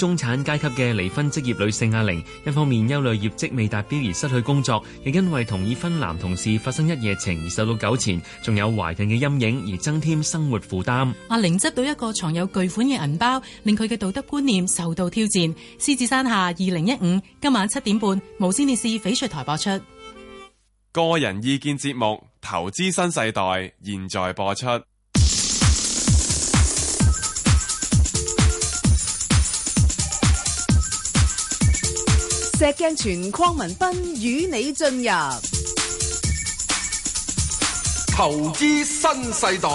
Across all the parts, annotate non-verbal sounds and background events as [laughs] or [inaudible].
中產階級嘅離婚職業女性阿玲，一方面憂慮業績未達標而失去工作，亦因為同已婚男同事發生一夜情而受到糾纏，仲有懷孕嘅陰影而增添生活負擔。阿玲執到一個藏有巨款嘅銀包，令佢嘅道德觀念受到挑戰。獅子山下二零一五今晚七點半無線電視翡翠台播出。個人意見節目《投資新世代》現在播出。石鏡泉鄺民彬與你進入投資新世代，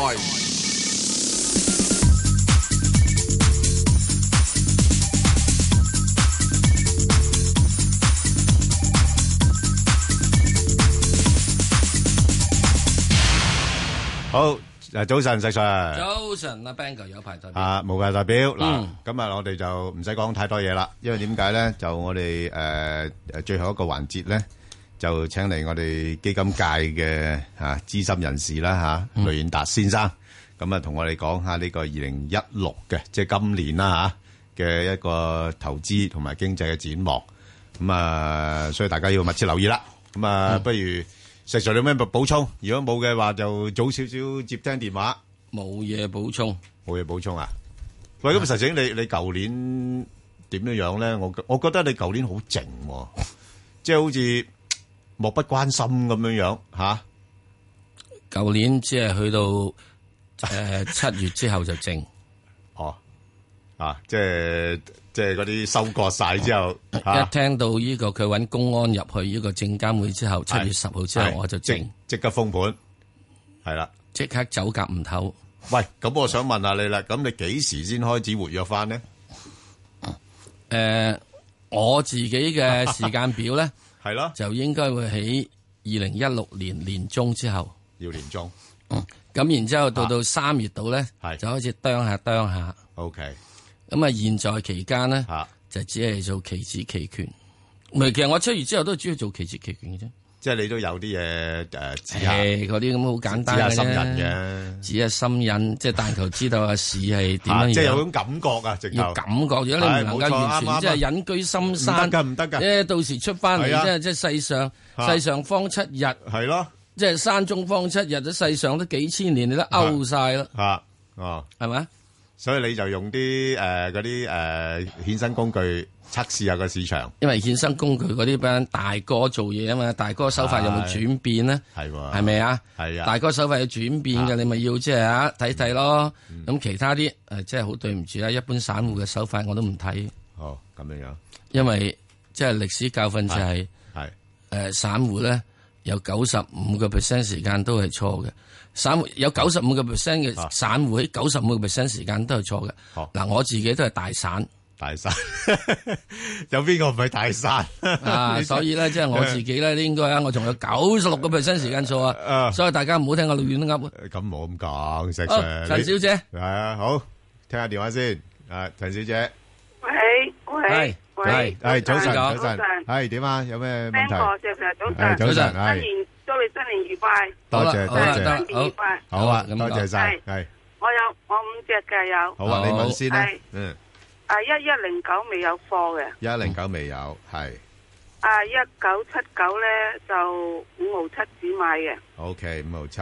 好。誒，早晨，石 Sir。早晨啊，Ban 哥有派代表啊，冇派代表嗱，今日我哋就唔使講太多嘢啦，因為點解咧？就我哋誒誒最後一個環節咧，就請嚟我哋基金界嘅啊資深人士啦吓，雷賢達先生，咁啊同我哋講下呢個二零一六嘅，即係今年啦吓嘅一個投資同埋經濟嘅展望，咁啊，所以大家要密切留意啦。咁啊，不如。食咗有咩補充？如果冇嘅話，就早少少接聽電話。冇嘢補充，冇嘢補充啊！啊喂，咁實情你你舊年點樣樣咧？我我覺得你舊年靜、啊、 [laughs] 好靜，即係好似漠不關心咁樣樣吓。舊、啊、年只係去到誒七、呃、月之後就靜 [laughs] 哦啊，即係。即係嗰啲收割晒之後， [coughs] 一聽到呢、呢個佢揾公安入去呢個證監會之後，七月十號之後，哎、我就即即刻封盤，係啦，即刻走夾唔唞。喂，咁我想問下你啦，咁你幾時先開始活躍翻呢？誒、呃，我自己嘅時間表呢，係咯 [laughs] 的，就應該會喺二零一六年年中之後，要年中。嗯，咁然之後到到三月度呢，係、啊、就開始掕下掕下。O K。咁啊！現在期間咧，就只係做期指期權。唔係，其實我出完之後都係主要做期指期權嘅啫。即係你都有啲嘢誒？誒，嗰啲咁好簡單嘅指下心癮嘅，指下心癮，即係但求知道啊市係點樣。即係有種感覺啊，要感覺，如果你唔能夠完全即係隱居深山，唔得㗎，唔得㗎，到時出翻嚟即係即係世上，世上方七日，係咯，即係山中方七日，喺世上都幾千年，你都勾晒啦。啊，哦，係咪？所以你就用啲誒嗰啲誒衍生工具測試下個市場，因為衍生工具嗰啲畀大哥做嘢啊嘛，大哥手法有冇轉變呢？係喎、哎呀，係咪吧啊？係啊，大哥手法有轉變嘅，哎、呀你咪要即係啊睇睇咯。咁、嗯嗯、其他啲誒，即係好對唔住啦，一般散戶嘅手法我都唔睇。哦，咁樣樣、啊，因為、嗯、即係歷史教訓就係係誒，散戶咧。有九十五個 percent 時間都係錯嘅，散戶有九十五個 percent 嘅散戶九十五個 percent 時間都係錯嘅。嗱、啊，我自己都係大散，大散省， [laughs] 有邊個唔係大散 [laughs] 啊？所以咧，即、就、係、是、我自己咧，應該啊，我仲有九十六個 percent 時間錯啊。所以大家唔好聽我亂噏啊。咁冇咁講，陳小姐。係啊，好，聽下電話先。誒、啊，陳小姐。喂。係，係，係早晨，早晨，係點啊？有咩問題？早晨，早晨，新年祝你新年愉快，多謝，多謝，好，啊！咁多謝晒，係，我有我五隻嘅有，好啊，你問先啦，嗯，啊，一一零九未有貨嘅，一一零九未有，係，啊，一九七九咧就五毫七子買嘅，ok，五毫七，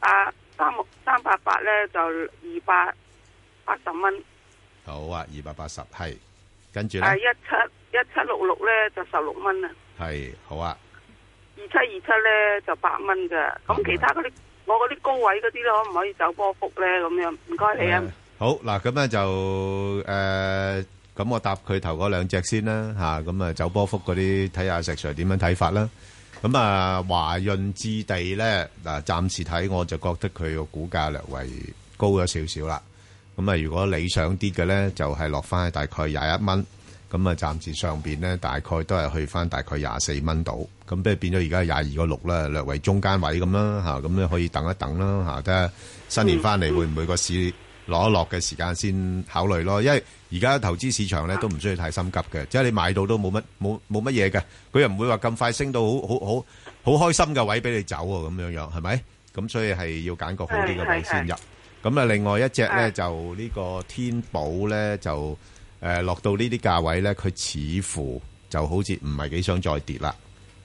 啊，三三八八咧就二百八十蚊，好啊，二百八十係。跟住咧，係、啊、一七一七六六咧就十六蚊啦。係，好啊，二七二七咧就八蚊噶。咁的其他嗰啲，我嗰啲高位嗰啲咧，可唔可以走波幅咧？咁樣唔該你啊。嗯、好嗱，咁咧就誒，咁、呃、我答佢頭嗰兩隻先啦吓。咁啊，走波幅嗰啲，睇下石 Sir 點樣睇法啦。咁啊，華潤置地咧嗱，暫、啊、時睇我就覺得佢個股價略為高咗少少啦。咁啊，如果理想啲嘅咧，就係、是、落翻大概廿一蚊，咁啊，暫時上邊咧，大概都係去翻大概廿四蚊度，咁都係變咗而家廿二個六啦，略為中間位咁啦嚇，咁、啊、你可以等一等啦嚇，睇下、啊、新年翻嚟會唔會個市攞一落嘅時間先考慮咯，因為而家投資市場咧都唔需要太心急嘅，即係你買到都冇乜冇冇乜嘢嘅，佢又唔會話咁快升到好好好好開心嘅位俾你走喎，咁樣樣係咪？咁所以係要揀個好啲嘅位先入。咁啊，另外一隻咧就呢個天寶咧就誒落到呢啲價位咧，佢似乎就好似唔係幾想再跌啦，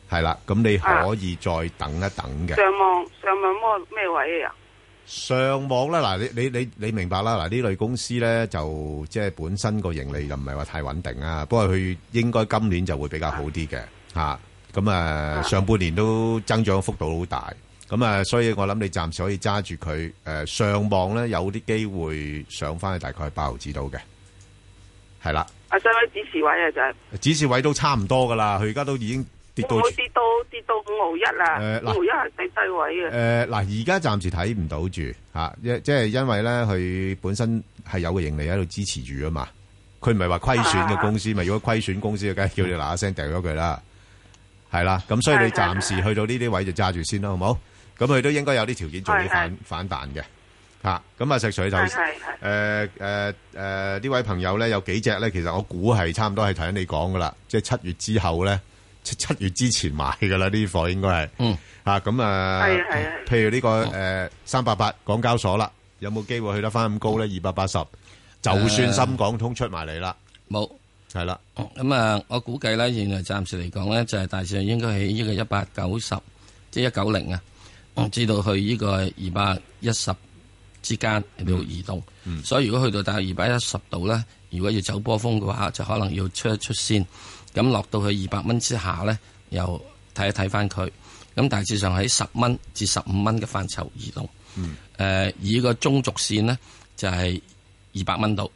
係啦，咁你可以再等一等嘅。上網上網摸咩位啊？上網啦！嗱，你你你你明白啦！嗱，呢類公司咧就即係本身個盈利就唔係話太穩定啊，不過佢應該今年就會比較好啲嘅嚇。咁啊，上半年都增長幅度好大。咁啊，所以我諗你暫時可以揸住佢，誒、呃，上望咧有啲機會上翻去大概八毫紙度嘅，係啦。阿睇位指示位啊，就指示位都差唔多噶啦，佢而家都已經跌到跌到跌到五毫一啦，一係低位嘅。誒，嗱 th，而家暫時睇唔到住吓，即係因為咧，佢本身係有個盈利喺度支持住啊嘛，佢唔係話虧損嘅公司，咪如果虧損公司嘅梗係叫你嗱一聲掉咗佢啦，係啦。咁所以你暫時去到呢啲位就揸住先啦，好冇？咁佢都應該有啲條件，做反反彈嘅嚇。咁啊，石生就誒誒誒呢位朋友咧，有幾隻咧？其實我估係差唔多係睇緊你講噶啦，即係七月之後咧，七七月之前買噶啦。呢啲貨應該係嗯嚇咁啊，譬如呢個誒三八八港交所啦，有冇機會去得翻咁高咧？二百八十，就算深港通出埋嚟啦，冇係啦。咁啊，我估計咧，原來暫時嚟講咧，就係大致上應該喺呢個一百九十，即係一九零啊。我知道去呢個二百一十之間喺度移動，嗯嗯、所以如果去到大概二百一十度咧，如果要走波峰嘅話，就可能要出一出先。咁落到去二百蚊之下咧，又睇一睇翻佢。咁大致上喺十蚊至十五蚊嘅範疇移動。誒、嗯，以個中軸線咧，就係二百蚊度，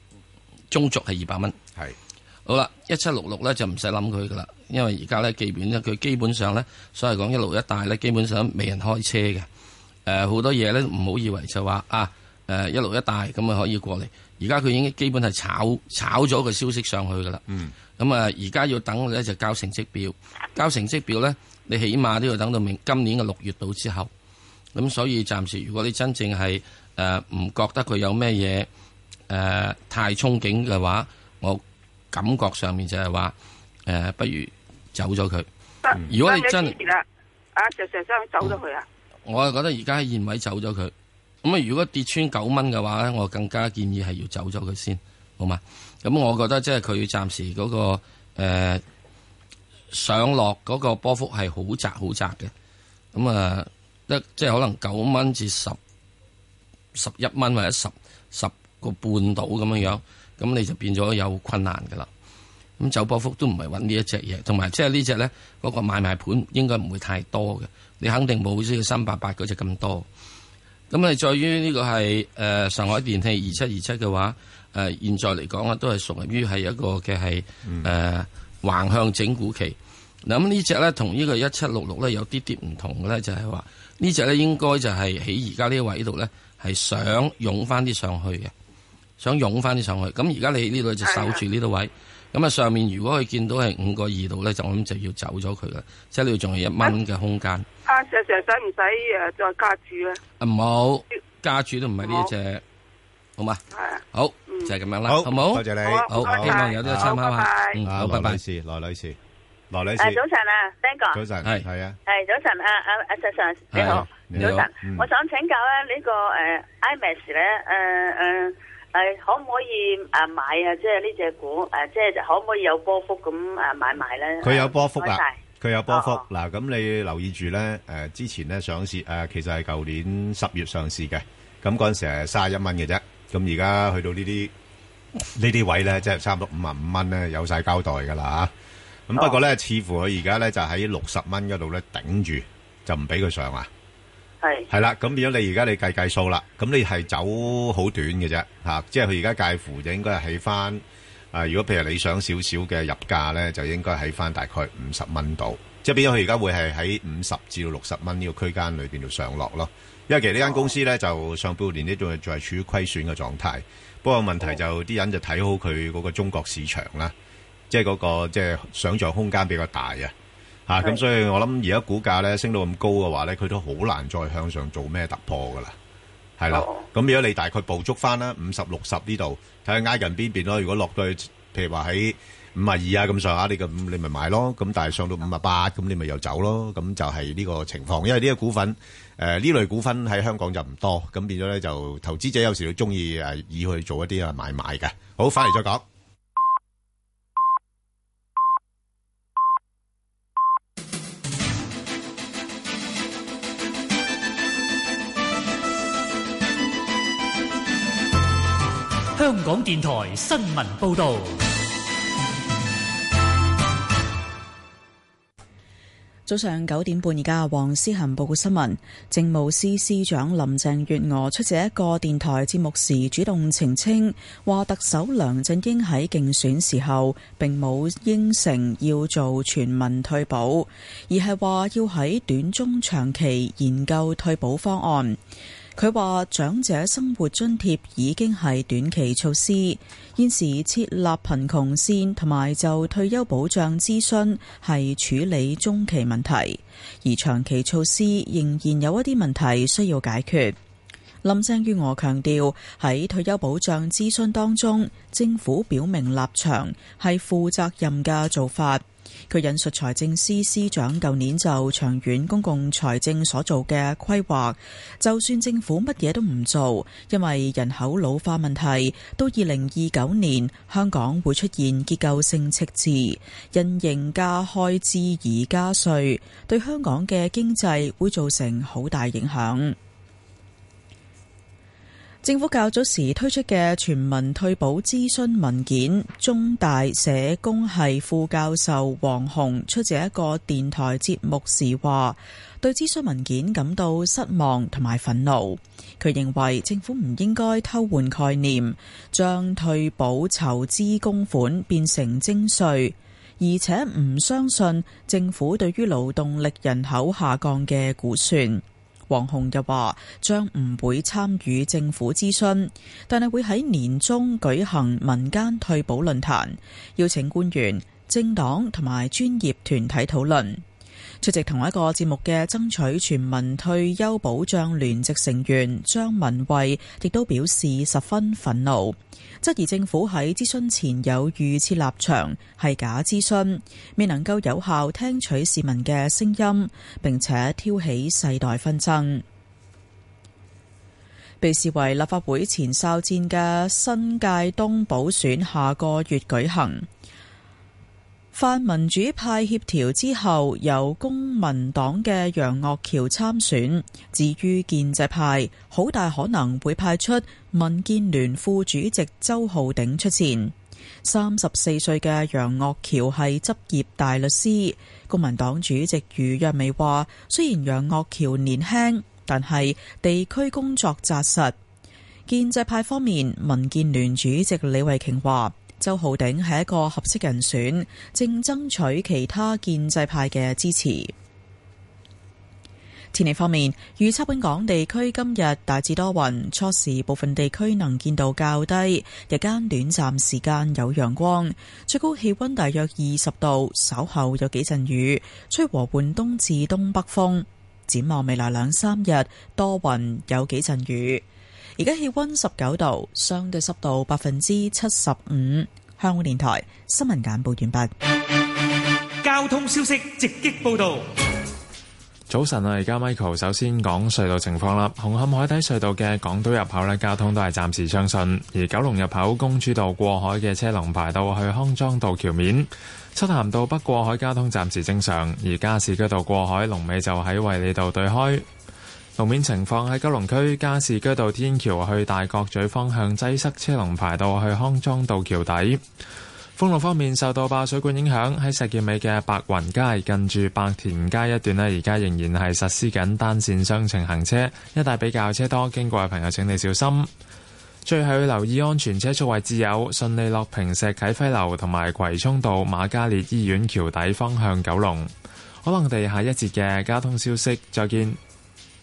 中軸係二百蚊。係是。好啦，一七六六咧就唔使諗佢噶啦。因為而家咧，既然咧，佢基本上咧，所謂講一路一帶咧，基本上未人開車嘅。誒、呃，好多嘢咧，唔好以為就話啊，誒、呃、一路一帶咁啊可以過嚟。而家佢已經基本係炒炒咗個消息上去㗎喇。嗯。咁啊，而家要等咧就交成績表，交成績表咧，你起碼都要等到明今年嘅六月度之後。咁所以暫時，如果你真正係誒唔覺得佢有咩嘢誒太憧憬嘅話，我感覺上面就係話誒，不如，走咗佢，如果你真，啊石石生走咗佢啊！我係覺得而家喺現位走咗佢，咁啊如果跌穿九蚊嘅話咧，我更加建議係要走咗佢先，好嘛？咁我覺得即係佢暫時嗰、嗰個誒、呃、上落嗰個波幅係好窄好窄嘅，咁啊得即係可能九蚊至十十一蚊或者十十個半到咁樣樣，咁你就變咗有困難噶啦。咁走波幅都唔係揾呢一隻嘢，同埋即係呢隻咧，嗰個買賣盤應該唔會太多嘅。你肯定冇呢個三八八嗰隻咁多。咁啊，在於呢個係誒、呃、上海電氣二七二七嘅話，誒、呃、現在嚟講啊，都係屬於係一個嘅係誒橫向整固期。嗱咁、嗯、呢隻咧同呢個一七六六咧有啲啲唔同嘅咧，就係、是、話呢隻咧應該就係喺而家呢個位度咧係想湧翻啲上去嘅，想湧翻啲上去。咁而家你呢度就守住呢個位。哎咁啊，上面如果佢見到係五個二度咧，就我諗就要走咗佢啦。即係你仲有一蚊嘅空間。啊，石 Sir 使唔使誒再加住啊？唔好加住都唔係呢一隻，好嘛？係。好，就係咁樣啦，好冇？多謝你，好，希望有啲嘢參考下啊。好，拜拜，事羅女士，羅女士。早晨啊，Stone 哥。早晨。係係啊。係早晨啊，啊，啊石 Sir，你好。你好。早晨，我想請教咧呢個誒 IMAX 咧誒誒。誒、啊，可唔可以誒、啊、買啊？即係呢隻股誒，即係可唔可以有波幅咁誒買賣咧？佢有波幅噶，佢謝有波幅。嗱、哦哦，咁、啊、你留意住咧。誒、啊，之前咧上市誒、啊，其實係舊年十月上市嘅。咁嗰陣時係卅一蚊嘅啫。咁而家去到 [laughs] 位呢啲呢啲位咧，即係差唔多五十五蚊咧，有晒交代噶啦吓。咁、哦、不過咧，似乎佢而家咧就喺六十蚊嗰度咧頂住，就唔俾佢上啊。係，係啦，咁變咗你而家你計計數啦，咁你係走好短嘅啫，吓，即係佢而家介乎就應該係起翻，啊，如果譬如你想少少嘅入價咧，就應該喺翻大概五十蚊度，即係變咗佢而家會係喺五十至到六十蚊呢個區間裏邊度上落咯，因為其實呢間公司咧、oh. 就上半年咧仲係仲係處於虧損嘅狀態，不過問題就啲、oh. 人就睇好佢嗰個中國市場啦，即係嗰、嗰個即係想象空間比較大啊。啊，咁所以我諗而家股價咧升到咁高嘅話咧，佢都好難再向上做咩突破噶啦，係啦。咁而家你大概捕捉翻啦，五十、六十呢度，睇下挨近邊邊咯。如果落到去，譬如話喺五啊二啊咁上下，你個五你咪買咯。咁但係上到五啊八，咁你咪又走咯。咁就係呢個情況，因為呢個股份，誒呢類股份喺香港就唔多，咁變咗咧就投資者有時會中意誒以去做一啲啊買賣嘅。好，翻嚟再講。香港電台新聞報道，早上九點半。而家，黃思恒報告新聞。政務司司長林鄭月娥出席一個電台節目時，主動澄清，話特首梁振英喺競選時候，並冇應承要做全民退保，而係話要喺短中長期研究退保方案。佢話：長者生活津貼已經係短期措施，現時設立貧窮線同埋就退休保障諮詢係處理中期問題，而長期措施仍然有一啲問題需要解決。林鄭月娥強調，喺退休保障諮詢當中，政府表明立場係負責任嘅做法。佢引述財政司司長舊年就長遠公共財政所做嘅規劃，就算政府乜嘢都唔做，因為人口老化問題，到二零二九年香港會出現結構性赤字，因應加開支而加稅，對香港嘅經濟會造成好大影響。政府較早時推出嘅全民退保諮詢文件，中大社工系副教授黃洪出席一個電台節目時話，對諮詢文件感到失望同埋憤怒。佢認為政府唔應該偷換概念，將退保籌資供款變成徵稅，而且唔相信政府對於勞動力人口下降嘅估算。黃洪又話：將唔會參與政府諮詢，但係會喺年中舉行民間退保論壇，邀請官員、政黨同埋專業團體討論。出席同一個節目嘅爭取全民退休保障聯席成員張文慧，亦都表示十分憤怒，質疑政府喺諮詢前有預設立場，係假諮詢，未能夠有效聽取市民嘅聲音，並且挑起世代紛爭。被視為立法會前哨戰嘅新界東補選，下個月舉行。泛民主派協調之後，由公民黨嘅楊岳橋參選。至於建制派，好大可能會派出民建聯副主席周浩鼎出戰。三十四歲嘅楊岳橋係執業大律師。公民黨主席余若薇話：雖然楊岳橋年輕，但係地區工作紮實。建制派方面，民建聯主席李慧瓊話。周浩鼎係一個合適人選，正爭取其他建制派嘅支持。天氣方面，預測本港地區今日大致多雲，初時部分地區能見度較低，日間短暫時間有陽光，最高氣温大約二十度，稍後有幾陣雨，吹和緩東至東北風。展望未來兩三日，多雲有幾陣雨。而家氣溫十九度，相對濕度百分之七十五。香港電台新聞簡報完畢。交通消息直擊報道。早晨啊，而家 Michael 首先講隧道情況啦。紅磡海底隧道嘅港島入口咧，交通都係暫時暢順，而九龍入口公主道過海嘅車龍排到去康莊道橋面。漆咸道北過海交通暫時正常。而加士居道過海龍尾就喺衛理道對開。路面情況喺九龍區加士居道天橋去大角咀方向擠塞車，車龍排到去康莊道橋底。封路方面，受到爆水管影響，喺石硤尾嘅白雲街近住白田街一段呢，而家仍然係實施緊單線雙程行車，一帶比較車多，經過嘅朋友請你小心。最後要留意安全車速位置，有順利落平石啟輝樓同埋葵涌道瑪嘉烈醫院橋底方向九龍。可能地下一節嘅交通消息，再見。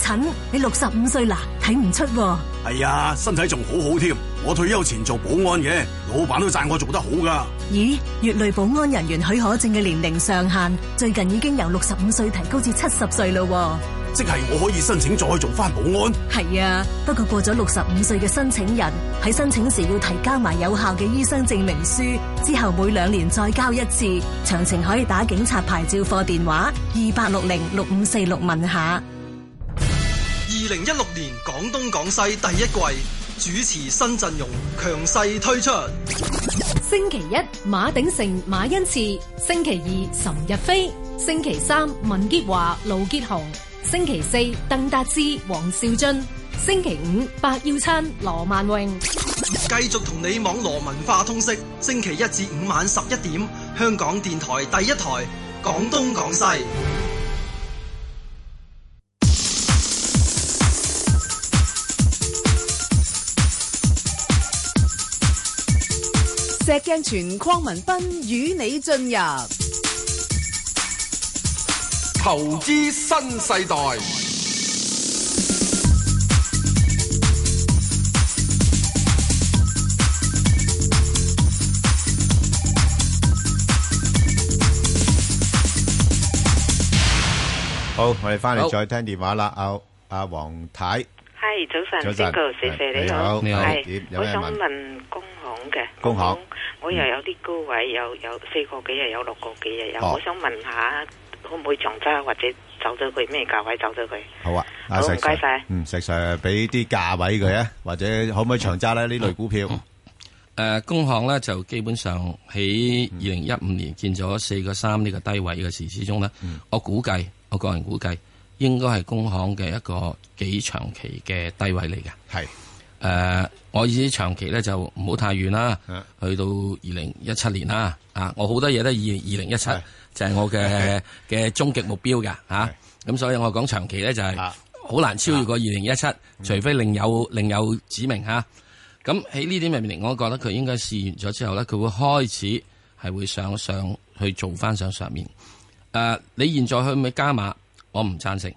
陳，你六十五歲啦，睇唔出係啊。哎呀，身體仲好好添。我退休前做保安嘅，老闆都讚我做得好噶。咦，月類保安人員許可證嘅年齡上限最近已經由六十五歲提高至七十歲咯。即係我可以申請再做翻保安？係啊，不過過咗六十五歲嘅申請人喺申請時要提交埋有效嘅醫生證明書，之後每兩年再交一次。詳情可以打警察牌照科電話二八六零六五四六問下。二零一六年廣東廣西第一季主持新陣容強勢推出。星期一馬鼎盛馬恩賜，星期二岑日飛，星期三文潔華盧杰雄，星期四鄧達志黃兆俊，星期五白耀燦羅萬榮。繼續同你網羅文化通識。星期一至五晚十一點，香港電台第一台廣東廣西。石鏡泉鄺民彬與你進入投資新世代。好，我哋翻嚟再聽電話啦。阿阿黃太。係，早晨，謝謝你好，係，我想問工行嘅，工行，我又有啲高位，有有四個幾日，有六個幾日，有，我想問下，可唔可以長揸或者走咗佢，咩價位走咗佢？好啊，好，唔該晒，嗯，石 Sir 俾啲價位佢啊，或者可唔可以長揸咧？呢類股票，誒，工行咧就基本上喺二零一五年見咗四個三呢個低位嘅時，始終咧，我估計，我個人估計。應該係工行嘅一個幾長期嘅低位嚟嘅，係誒。我意思長期咧就唔好太遠啦，是去到二零一七年啦啊！我好多嘢都二二零一七就係我嘅嘅是終極目標嘅嚇。咁、啊、是所以我講長期咧就係、是、好難超越過二零一七，除非另有是另有指明嚇。咁喺呢啲入面，我覺得佢應該試完咗之後咧，佢會開始係會上上去做翻上上面誒、啊。你現在去唔去加碼？我唔贊成，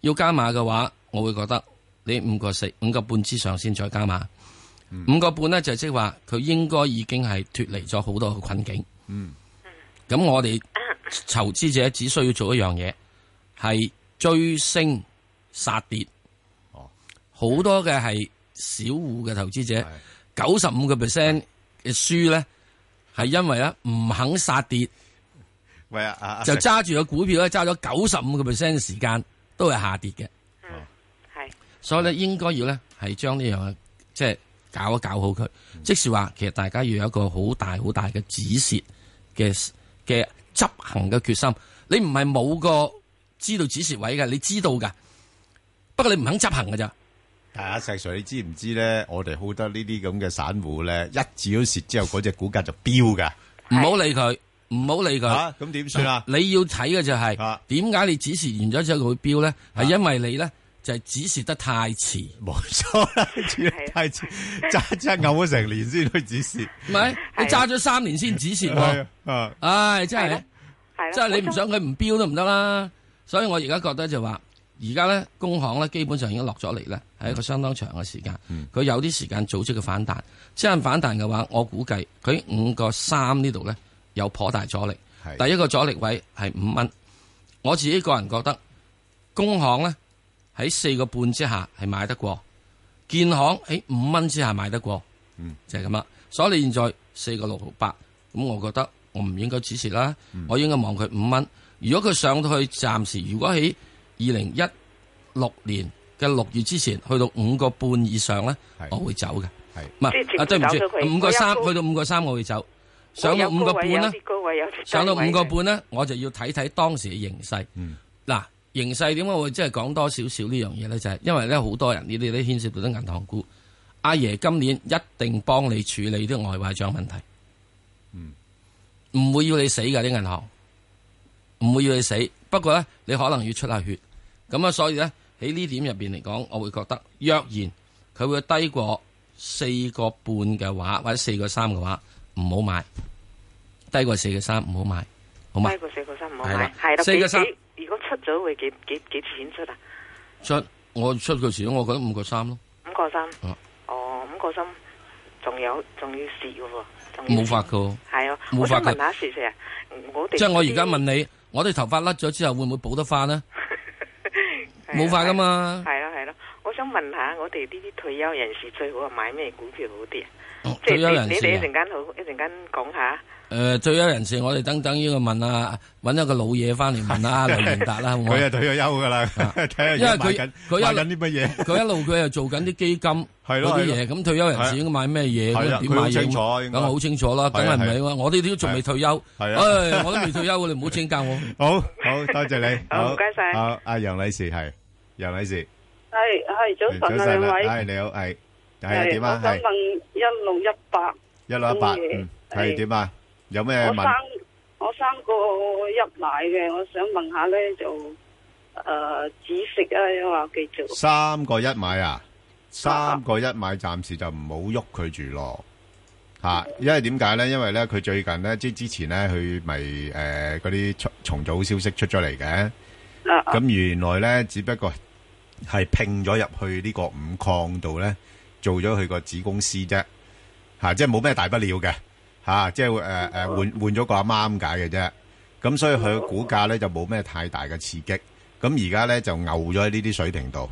要加碼嘅話，我會覺得你五個四、五個半之上先再加碼。嗯、五個半呢，就即係話，佢應該已經係脫離咗好多嘅困境。嗯，咁、嗯、我哋投資者只需要做一樣嘢，係追升殺跌。哦，好多嘅係小戶嘅投資者，九十五個 percent 嘅輸咧，係因為啊唔肯殺跌。啊、就揸住個股票咧，揸咗九十五個 percent 時間都係下跌嘅。係、啊，所以咧應該要咧係將呢樣即係搞一搞好佢。嗯、即是話其實大家要有一個好大好大嘅止蝕嘅嘅執行嘅決心，你唔係冇個知道止蝕位嘅，你知道噶。不過你唔肯執行噶咋。係阿、啊、石 Sir，你知唔知咧？我哋好多呢啲咁嘅散戶咧，一止咗蝕之後，嗰隻股價就飆噶，唔好是理佢。唔好理佢嚇，咁點算啊？你要睇嘅就係點解你指示完咗之後佢標咧？係因為你咧就係指示得太遲，冇錯啦，指示太遲，揸揸牛咗成年先去指示，唔係你揸咗三年先指示喎，唉，真係，係即係你唔想佢唔標都唔得啦。所以我而家覺得就話，而家咧工行咧基本上已經落咗嚟咧，係一個相當長嘅時間。佢有啲時間組織嘅反彈，即係反彈嘅話，我估計佢五個三呢度咧。有頗大阻力，第一個阻力位係五蚊。我自己個人覺得，工行咧喺四個半之下係買得過，建行喺五蚊之下買得過，嗯，就係咁啦。所以你現在四個六毫八，咁我覺得我唔應該止蝕啦。我應該望佢五蚊。如果佢上到去暫時，如果喺二零一六年嘅六月之前去到五個半以上咧，嗯，我會走嘅，唔係啊，對唔住，五個三去到五個三，我會走。上到五個半啦，上到五個半咧，我就要睇睇當時嘅形勢。嗱、嗯，形勢點解會即係講多少少呢樣嘢呢？就係、是、因為咧，好多人呢啲都牽涉到啲銀行股。阿爺今年一定幫你處理啲外壞賬問題，嗯，唔會要你死噶啲銀行，唔會要你死。不過呢，你可能要出下血咁啊。所以呢，喺呢點入邊嚟講，我會覺得若然佢會低過四個半嘅話，或者四個三嘅話。唔好買，低過四個三唔好買，好低過四個三唔好買，係四個三如果出咗會幾幾幾錢出啊？出我出嘅時，我覺得五個三咯。五個三吧哦，五個三，仲有仲要蝕嘅喎，冇髮嘅。係哦，我想問下蝕啊，我即係我而家問你，我哋頭髮甩咗之後會唔會補得翻呢？冇髮噶嘛？係咯係咯，我想問下我哋呢啲退休人士最好係買咩股票好啲啊？退休人士啊，一陣間好，一陣間講下。誒，退休人士，我哋等等呢個問啊，揾一個老嘢翻嚟問啊，梁明達啦，佢啊佢啊休噶啦，睇下佢買緊啲乜嘢。佢一路佢又做緊啲基金，係咯啲嘢。咁退休人士應該買咩嘢？點買嘢？佢清楚，咁好清楚啦。梗係唔係啊？我呢啲都仲未退休，唉，我都未退休，你唔好請教我。好好，多謝你。好，唔該曬。阿阿楊女士係，楊女士係，係早晨啊，兩位，係你好，係。係點啊？想問、啊、一六一八，一六一八，嗯，係點啊？有咩？我三我三個一買嘅，我想問下咧，就、呃、誒紫色啊，又話繼續。三個一買啊？三個一買，暫時就唔好喐佢住咯。吓、啊，因為點解咧？因為咧，佢最近咧，即係之前咧，佢咪誒嗰啲重重組消息出咗嚟嘅。咁、啊啊、原來咧，只不過係拼咗入去呢個五礦度咧。做咗佢個子公司啫，嚇、啊，即係冇咩大不了嘅，嚇、啊，即係誒誒換換咗個阿媽咁解嘅啫。咁、啊、所以佢股價咧就冇咩太大嘅刺激。咁而家咧就牛咗喺呢啲水平度，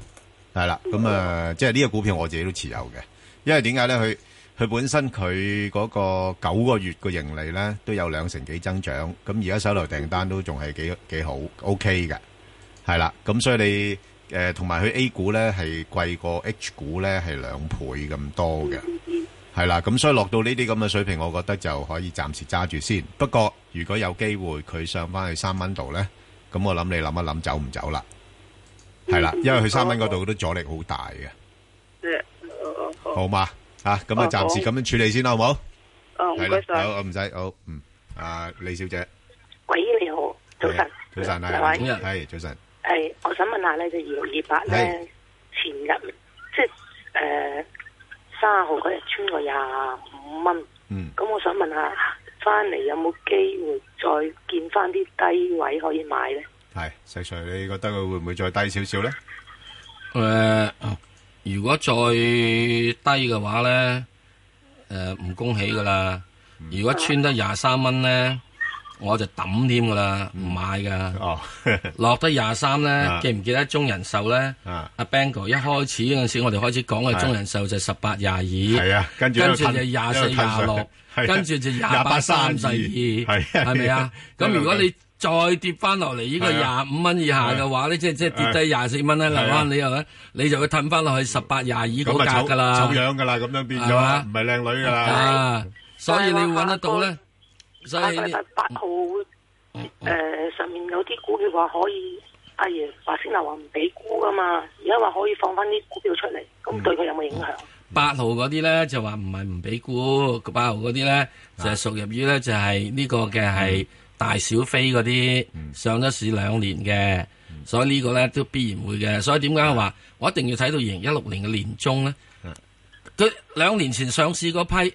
係、啊、啦。咁、啊、誒，即係呢個股票我自己都持有嘅，因為點解咧？佢佢本身佢嗰個九個月嘅盈利咧都有兩成幾增長。咁而家手頭訂單都仲係幾幾好，OK 嘅，係、啊、啦。咁、啊、所以你。誒，同埋佢 A 股咧係貴過 H 股咧係兩倍咁多嘅，係啦，咁所以落到呢啲咁嘅水平，我覺得就可以暫時揸住先。不過如果有機會佢上翻去三蚊度咧，咁我諗你諗一諗走唔走啦。係啦，因為佢三蚊嗰度都阻力好大嘅。好嘛，吓咁啊，暫時咁樣處理先啦，好冇？係啦，唔該晒，好唔使好，嗯，啊李小姐，喂，你好，早晨，早晨啊，係早晨。係，我想問下呢隻二六二八咧，是前日即係誒，卅號嗰日穿過廿五蚊，嗯，咁我想問下，翻嚟有冇機會再見翻啲低位可以買咧？係，石 Sir 你覺得佢會唔會再低少少咧？誒、呃，如果再低嘅話咧，誒、呃、唔恭喜噶啦，嗯、如果穿得廿三蚊咧，我就抌添噶啦，唔買噶。落得廿三咧，記唔記得中人壽咧？阿 Bang 哥一開始嗰陣時，我哋開始講嘅中人壽就十八廿二。係啊，跟住就廿四廿六，跟住就廿八三十二。係咪啊？咁如果你再跌翻落嚟呢個廿五蚊以下嘅話咧，即係即係跌低廿四蚊咧，嗱翻你又咧，你就會褪翻落去十八廿二嗰格噶啦，醜樣噶啦，咁樣變係嘛？唔係靚女噶啦。啊，所以你揾得到咧？係八號誒、呃，上面有啲股票話可以，阿爺華先生話唔俾估噶嘛，而家話可以放翻啲股票出嚟，咁對佢有冇影響、嗯？八號嗰啲咧就話唔係唔俾股，八號嗰啲咧就屬入於咧就係、是、呢個嘅係大小非嗰啲上咗市兩年嘅，所以個呢個咧都必然會嘅。所以點解話我一定要睇到二零一六年嘅年中咧？佢、欸、兩、嗯、年前上市嗰批。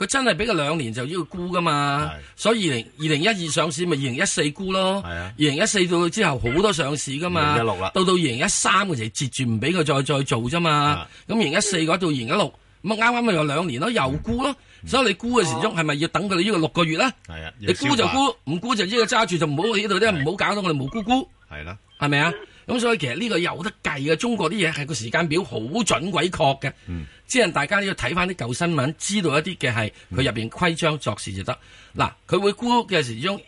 佢真係俾佢兩年就要沽噶嘛，所以二零二零一二上市咪二零一四沽咯，二零一四到之後好多上市噶嘛，一六啦，到到二零一三嗰時截住唔俾佢再再做啫嘛，咁二零一四嘅話到二零一六，咁啊啱啱咪有兩年咯，又沽咯，所以你沽嘅時鐘係咪要等佢哋呢個六個月咧？係啊，你沽就沽，唔沽就呢個揸住就唔好喺度咧，唔好搞到我哋冇沽沽。係啦，係咪啊？咁、嗯、所以其實呢個有得計嘅，中國啲嘢係個時間表好準鬼確嘅。即係、嗯、大家要睇翻啲舊新聞，知道一啲嘅係佢入邊規章作事就得。嗱、嗯，佢會沽嘅始終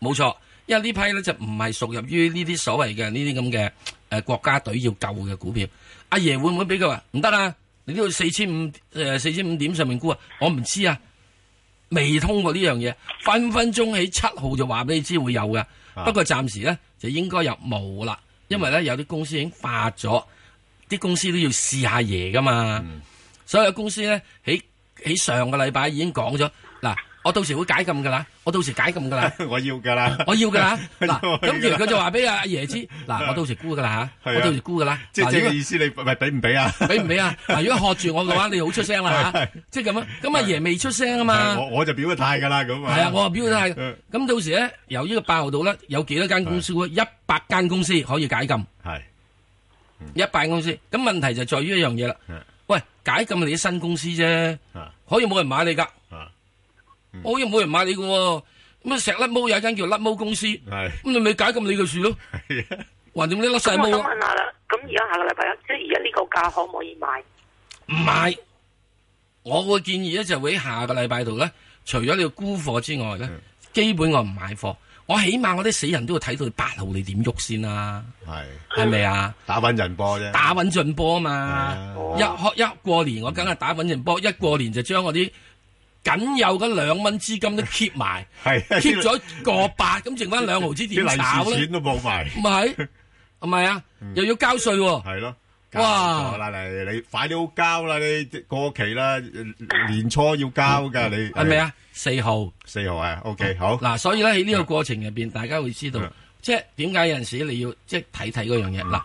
冇錯，因為批呢批咧就唔係屬於呢啲所謂嘅呢啲咁嘅誒國家隊要救嘅股票。阿爺，爺會唔會俾佢話唔得啦？你呢個四千五誒四千五點上面沽啊？我唔知啊，未通過呢樣嘢，分分鐘喺七號就話俾你知會有嘅。啊、不過暫時咧就應該又冇啦。因為咧有啲公司已經發咗，啲公司都要試下嘢㗎嘛。嗯、所以公司咧喺喺上個禮拜已經講咗嗱，我到時會解禁噶啦，我到時解禁噶啦，我要噶啦，我要噶啦。嗱，咁其佢就話俾阿阿爺知，嗱，我到時估噶啦吓，我到時估噶啦。即係個意思，你唔俾唔俾啊？俾唔俾啊？嗱，如果學住我嘅話，你好出聲啦吓。即係咁樣，咁阿爺未出聲啊嘛。我就表個態噶啦，咁啊。係啊，我表個態。咁到時咧，由呢個八號道咧，有幾多間公司？一百間公司可以解禁。係，一百間公司。咁問題就在於一樣嘢啦。喂，解禁你啲新公司啫，可以冇人買你噶。我又冇人買你嘅。哦，咁、嗯、啊、嗯、石甩毛有一間叫甩毛公司，咁是你咪解咁你佢事咯。係啊， [laughs] 話點咧甩晒毛啦。咁而家下個禮拜一，即係而家呢個價可唔可以買？唔買，我嘅建議咧就喺下個禮拜度咧，除咗你沽貨之外咧，嗯、基本我唔買貨。我起碼我啲死人都會睇到八號你點喐先啦。係，係咪啊？是是是打穩陣波啫。打穩陣波嘛，嗯哦、一一,一過年我梗係打穩陣波，一過年就將我啲。僅有嗰兩蚊資金都 keep 埋，係 keep 咗個八，咁剩翻兩毫子點炒咧？啲臨時錢都冇埋，唔係，係咪啊？又要交稅喎？係咯，哇！嗱嚟，你快啲交啦，你過期啦，年初要交噶，你係咪啊？四號，四號啊，OK，好嗱。所以咧喺呢個過程入邊，大家會知道，即係點解有陣時你要即係睇睇嗰樣嘢。嗱，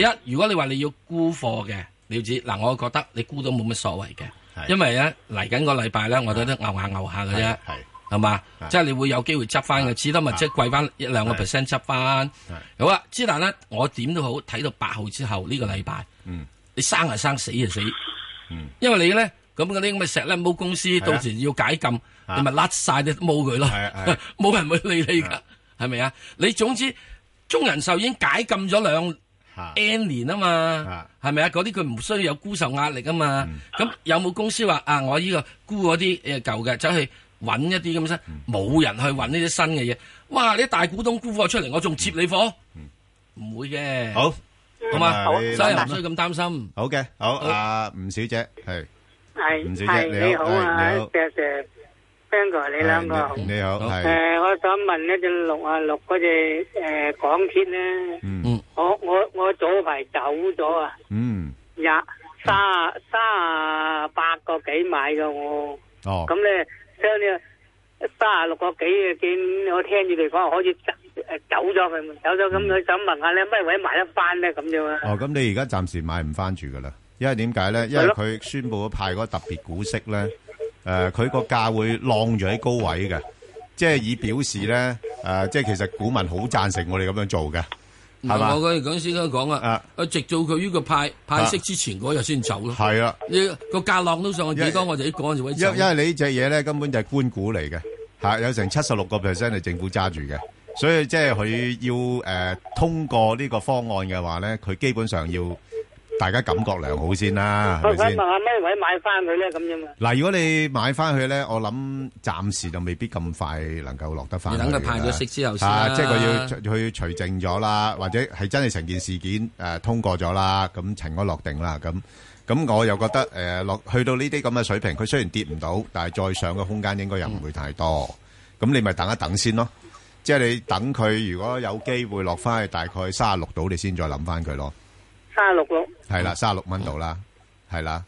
第一，如果你話你要沽貨嘅，你要知嗱，我覺得你沽都冇乜所謂嘅。因為咧嚟緊個禮拜咧，我哋都牛下牛下嘅啫，係嘛？即係你會有機會執翻嘅，至多物質貴翻一兩個 percent 執翻。好啦，之但咧，我點都好，睇到八號之後呢個禮拜，嗯，你生係生死係死，嗯，因為你咧咁嗰啲咁嘅石咧，冇公司到時要解禁，你咪甩晒啲毛佢咯，冇人會理你㗎，係咪啊？你總之中人壽已經解禁咗兩 N 年啊嘛，係咪啊？嗰啲佢唔需要有沽售壓力啊嘛。咁有冇公司話啊？我呢個沽嗰啲誒舊嘅，走去搵一啲咁新，冇人去搵呢啲新嘅嘢。哇！你啲大股東沽貨出嚟，我仲接你貨？唔會嘅。好，好嘛，所以唔需要咁擔心。好嘅，好阿吳小姐係，係，吳小姐，你好啊，謝你兩個你好，誒、嗯是呃，我想問一隻六啊六嗰隻誒港鐵咧，嗯，我我我早排走咗啊，嗯，廿卅卅啊八個幾買噶我，哦，咁咧將呢卅啊六個幾嘅件，我聽住你講可以誒走咗佢，走咗咁，我想問下你咩、嗯、位買得翻咧咁樣啊？哦，咁你而家暫時買唔翻住噶啦，因為點解咧？因為佢宣布咗派嗰特別股息咧。誒，佢個價會晾住喺高位嘅，即係以表示咧，誒、呃，即係其實股民好贊成我哋咁樣做嘅，係、嗯、吧我哋講先，都講啦，誒，直做佢呢個派派息之前嗰日先走咯，係啦、啊，你個價晾都上去幾多，我哋啲就搵走因為。因因為你呢隻嘢咧，根本就係官股嚟嘅，吓、啊、有成七十六個 percent 係政府揸住嘅，所以即係佢要誒、呃、通過呢個方案嘅話咧，佢基本上要。大家感覺良好先啦，唔使問下咩位買翻佢咧咁樣啊。嗱，如果你買翻佢咧，我諗暫時就未必咁快能夠落得翻。等佢派咗息之後先啦，即係佢要佢除淨咗啦，或者係真係成件事件誒通過咗啦，咁塵埃落定啦。咁咁我又覺得誒落去到呢啲咁嘅水平，佢雖然跌唔到，但係再上嘅空間應該又唔會太多。咁你咪等一等先咯，即係你等佢如果有機會落翻去大概三十六度，你先再諗翻佢咯。三十六咯，係啦，三十六蚊度啦，係啦，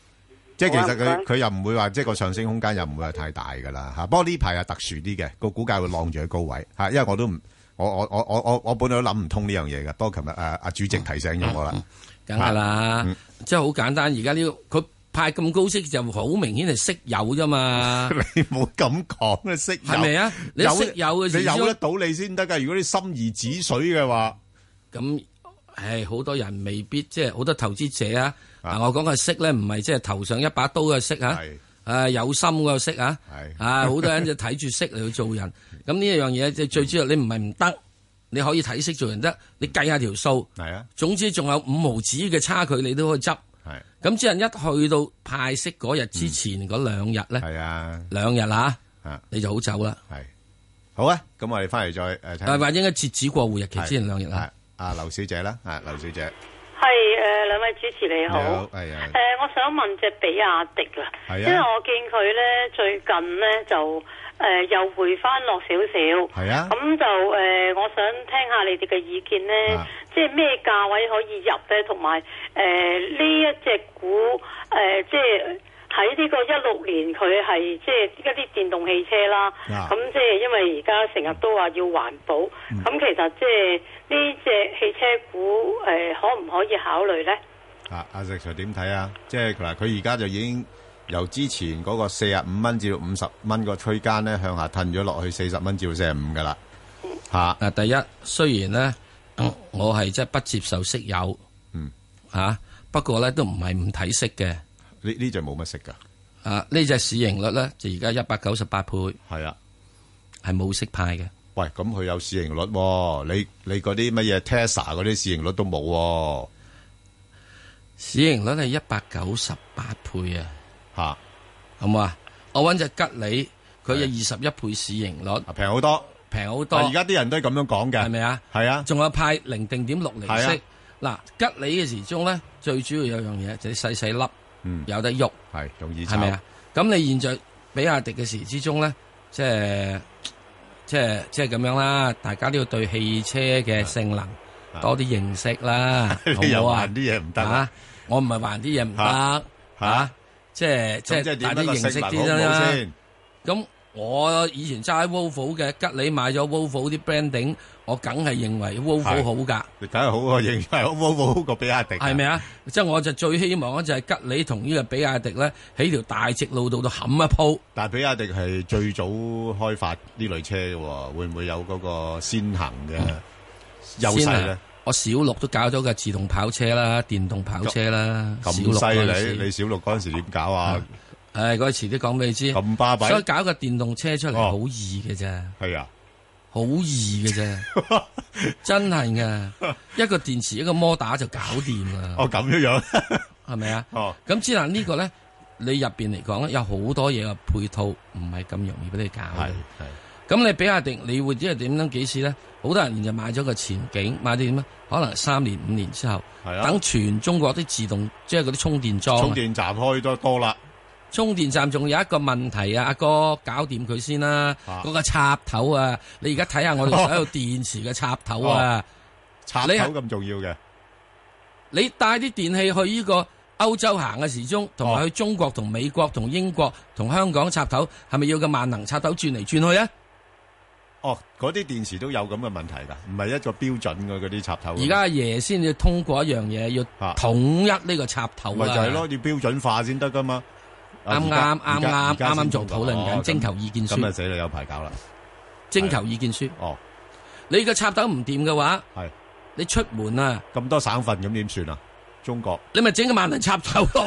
即係其實佢佢又唔會話，即係個上升空間又唔會係太大噶啦吓。不過呢排啊特殊啲嘅，個股價會晾住喺高位吓，因為我都唔，我我我我我我本來都諗唔通呢樣嘢噶，不過琴日誒阿主席提醒咗我啦，梗係啦，即係好簡單，這個、而家呢個佢派咁高息就好明顯係息友啫嘛， [laughs] 你冇咁講啊息友係咪啊？你息友有，有你有得到你先得噶，如果你心如止水嘅話，咁、嗯。係好多人未必，即係好多投資者啊！嗱，我講嘅息咧，唔係即係頭上一把刀嘅色吓，係啊有心嘅息啊，係啊好多人就睇住息嚟去做人，咁呢一樣嘢即係最主要，你唔係唔得，你可以睇息做人得，你計下條數，係啊，總之仲有五毫子嘅差距，你都可以執，係咁只係一去到派息嗰日之前嗰兩日咧，係啊兩日啦，啊你就好走啦，係好啊，咁我哋翻嚟再誒，但係或者應該截止過戶日期之前兩日啊。啊，劉小姐啦，啊，劉小姐，係誒，兩、呃、位主持你好，係啊，誒、哎呃，我想問隻比亞迪啦，係啊，因為我見佢咧最近咧就誒、呃、又回翻落少少，係啊，咁就誒、呃，我想聽下你哋嘅意見咧，啊、即係咩價位可以入咧，同埋誒呢一隻股誒、呃、即係。喺呢個一六年，佢係即係一啲電動汽車啦。咁、啊、即係因為而家成日都話要環保，咁、嗯、其實即係呢隻汽車股，誒、呃，可唔可以考慮咧、啊？啊，阿石 Sir 點睇啊？即係嗱，佢而家就已經由之前嗰個四十五蚊至到五十蚊個區間咧，向下褪咗落去四十蚊至到四十五噶啦。吓、啊，啊，第一，雖然咧、嗯、我係即係不接受息友，嗯，啊，不過咧都唔係唔睇息嘅。呢呢隻冇乜息噶啊！呢隻市盈率咧就而家一百九十八倍，係啊，係冇息派嘅。喂，咁佢有市盈率喎，你你嗰啲乜嘢 Tesla 嗰啲市盈率都冇喎。市盈率係一百九十八倍啊！吓，好唔好啊？我搵隻吉利，佢有二十一倍市盈率，平好多，平好多。而家啲人都係咁樣講嘅，係咪啊？係啊，仲有派零定點六厘息嗱。吉利嘅時鐘咧，最主要有樣嘢就，你細細粒。嗯，有得喐係，總之係咪啊？咁你現在比亞迪嘅時之中咧，即係即係即係咁樣啦，大家都要對汽車嘅性能、啊、多啲認識啦，好冇啊？啊啊我唔係話啲嘢唔得吓，即係、啊、即係大家認識啲啦，咁、啊。我以前揸喺 Volvo 嘅，吉利買咗 Volvo 啲 branding 我梗係認為 Volvo 好噶。你梗係好我認為 Volvo 好過比亞迪。係咪啊？即係 [laughs] 我就最希望就係吉利同呢個比亞迪咧，喺條大直路度度冚一鋪。但係比亞迪係最早開發呢類車嘅，會唔會有嗰個先行嘅優勢咧？我小六都搞咗個自動跑車啦，電動跑車啦。咁犀利！你小六嗰陣時點搞啊？嗯係，嗰個遲啲講俾你知。咁巴閉，所以搞個電動車出嚟好易嘅啫。係啊，好易嘅啫，真係嘅。一個電池，一個摩打就搞掂啦。哦，咁樣樣，係咪啊？哦，咁之難呢個咧，你入邊嚟講咧，有好多嘢嘅配套，唔係咁容易俾你搞。係係。咁你比亞迪，你會即係點樣幾時咧？好多人就買咗個前景，買啲點？可能三年五年之後，係啊。等全中國啲自動，即係嗰啲充電樁，充電站開得多啦。充電站仲有一個問題啊，阿哥搞掂佢先啦、啊。嗰、啊、個插頭啊，你而家睇下我哋所有電池嘅插頭啊，哦、插頭咁重要嘅。你帶啲電器去呢個歐洲行嘅時鐘，同埋去中國、同美國、同英國、同香港插頭，係咪要個萬能插頭轉嚟轉去啊？哦，嗰啲電池都有咁嘅問題噶，唔係一個標準嘅嗰啲插頭。而家阿爺先要通過一樣嘢，要統一呢個插頭、啊。咪、啊、就係咯，要標準化先得噶嘛。啱啱啱啱啱啱做討論緊，徵求意見書咁啊死啦，有排搞啦！徵求意見書哦，你個插頭唔掂嘅話，係你出門啊！咁多省份咁點算啊？中國你咪整個萬能插頭咯！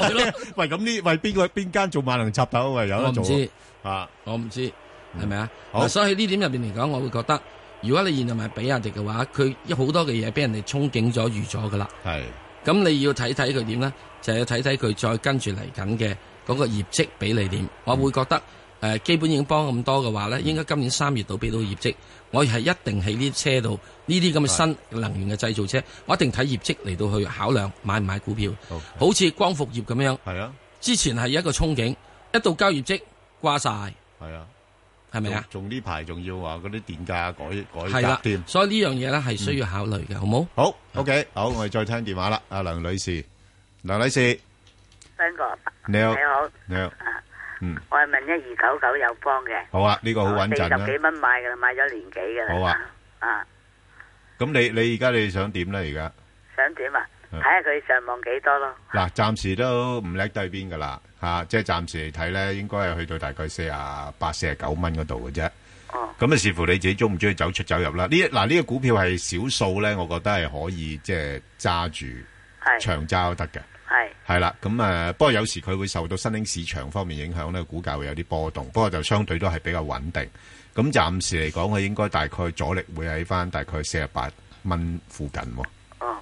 喂，咁呢？喂，邊個邊間做萬能插頭啊？有得做我唔知啊，我唔知係咪啊？所以呢點入邊嚟講，我會覺得，如果你現在買比亞迪嘅話，佢有好多嘅嘢俾人哋憧憬咗、預咗噶啦。係咁，你要睇睇佢點咧，就要睇睇佢再跟住嚟緊嘅。嗰個業績俾你點？我會覺得誒、呃，基本已經幫咁多嘅話咧，應該今年三月度俾到業績。我係一定喺呢車度呢啲咁嘅新能源嘅製造車，我一定睇業績嚟到去考量買唔買股票。Okay. 好似光伏業咁樣，啊、之前係一個憧憬，一到交業績掛晒，係、呃、啊，係咪啊？仲呢排仲要話嗰啲電價改改革，啊？所以呢樣嘢咧係需要考慮嘅，嗯、好唔好？好 OK，好，我哋再聽電話啦，阿梁女士，梁女士。你好，你好，你好。嗯，我係問一二九九友邦嘅。好啊，呢個好穩陣啦。四十幾蚊買噶啦，買咗年幾噶啦。好啊。啊，咁你你而家你想點咧？而家想點啊？睇下佢上望幾多咯。嗱，暫時都唔叻得邊噶啦，吓，即係暫時嚟睇咧，應該係去到大概四啊八、四啊九蚊嗰度嘅啫。哦。咁啊，視乎你自己鍾唔鍾意走出走入啦。呢一嗱呢個股票係少數咧，我覺得係可以即係揸住，長揸都得嘅。係，係啦，咁啊、嗯，不過有時佢會受到新興市場方面影響咧，股價會有啲波動，不過就相對都係比較穩定。咁暫時嚟講，佢應該大概阻力會喺翻大概四十八蚊附近喎。哦，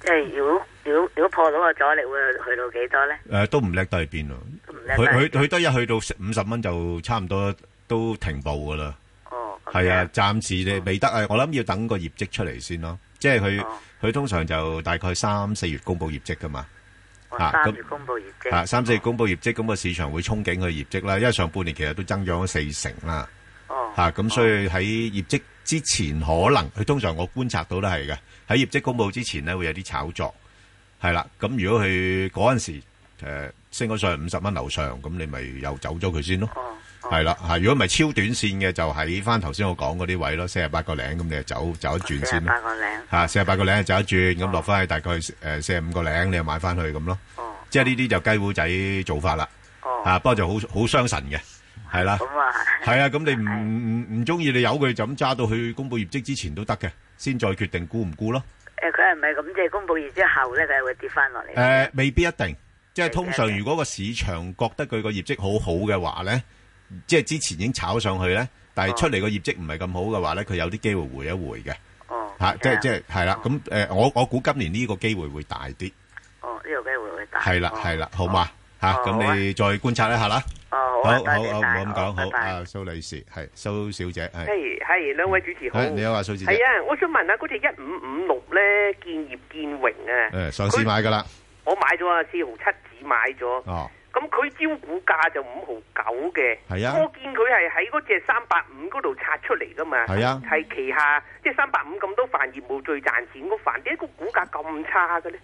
即係如果、嗯、如果如果破到個阻力會去，去到幾多咧？誒、呃，都唔叻得去邊咯，佢佢佢都一去到五十蚊就差唔多都停步噶啦。哦，係啊的，暫 okay. 時咧未得啊，嗯、我諗要等個業績出嚟先咯。即係佢，佢、哦、通常就大概三四月公布業績噶嘛吓咁。哇啊、三四月公布業績，咁、啊哦、個市場會憧憬佢業績啦。因為上半年其實都增長咗四成啦吓咁，哦啊、所以喺業績之前可能佢、哦、通常我觀察到都係嘅喺業績公布之前咧會有啲炒作係啦。咁如果佢嗰陣時誒、呃、升咗上去五十蚊樓上，咁你咪又走咗佢先咯。哦係啦，吓，如果唔係超短線嘅，就喺翻頭先我講嗰啲位咯，四十八個零咁，你就走走一轉先啦。吓，四十八個零，走一轉咁落翻去大概誒，四十五個零，你又買翻去咁咯。哦，即係呢啲就雞糊仔做法啦。哦，吓，不過就好好傷神嘅，係啦。咁啊係。係啊，咁你唔唔唔中意你由佢就咁揸到去公布業績之前都得嘅，先再決定沽唔沽咯。誒，佢係唔係咁，即係公布業績後咧，佢會跌翻落嚟？誒，未必一定，即係通常如果個市場覺得佢個業績好好嘅話咧。即係之前已經炒上去咧，但係出嚟個業績唔係咁好嘅話咧，佢有啲機會回一回嘅，吓，即係即係係啦。咁誒，我我估今年呢個機會會大啲。哦，呢個機會會大。係啦係啦，好嘛吓，咁你再觀察一下啦。哦，好，好，唔好咁講，好啊，蘇女士係蘇小姐係。係係，兩位主持好。你好，話蘇小姐。係啊，我想問下嗰隻一五五六咧，建業建榮啊，誒，上次買噶啦。我買咗啊，四毫七子買咗。哦。咁佢招股價就五毫九嘅，我見佢係喺嗰隻三百五嗰度拆出嚟噶嘛，係啊，係旗下即係三百五咁多瓣業務最賺錢個瓣，點解個股價咁差嘅咧？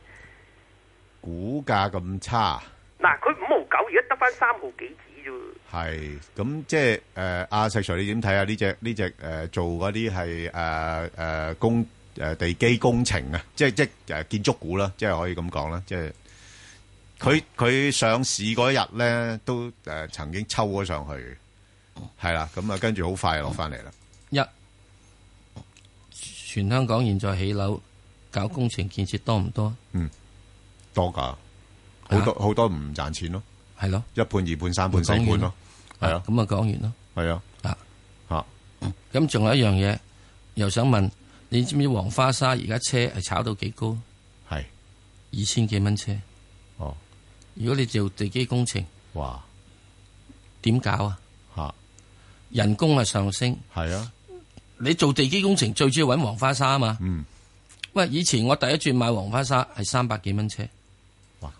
股價咁差？嗱，佢五毫九，而家得翻三毫幾紙啫。係，咁即係誒，阿石 Sir 你點睇啊？呢隻呢隻誒，做嗰啲係誒誒工誒地基工程啊，即係即係誒建築股啦，即係可以咁講啦，即係。佢佢上市嗰日咧，都誒曾經抽咗上去，係啦。咁啊，跟住好快落翻嚟啦。一全香港現在起樓搞工程建設多唔多？嗯，多噶，好多好多唔賺錢咯，係咯，一判、二判、三判、四判咯，係啊。咁啊，講完咯，係啊啊吓。咁仲有一樣嘢，又想問你知唔知黃花沙而家車係炒到幾高？係二千幾蚊車。如果你做地基工程，哇，點搞啊？吓，人工啊上升。係啊，你做地基工程最主要揾黃花沙啊嘛。嗯，喂，以前我第一轉買黃花沙係三百幾蚊車，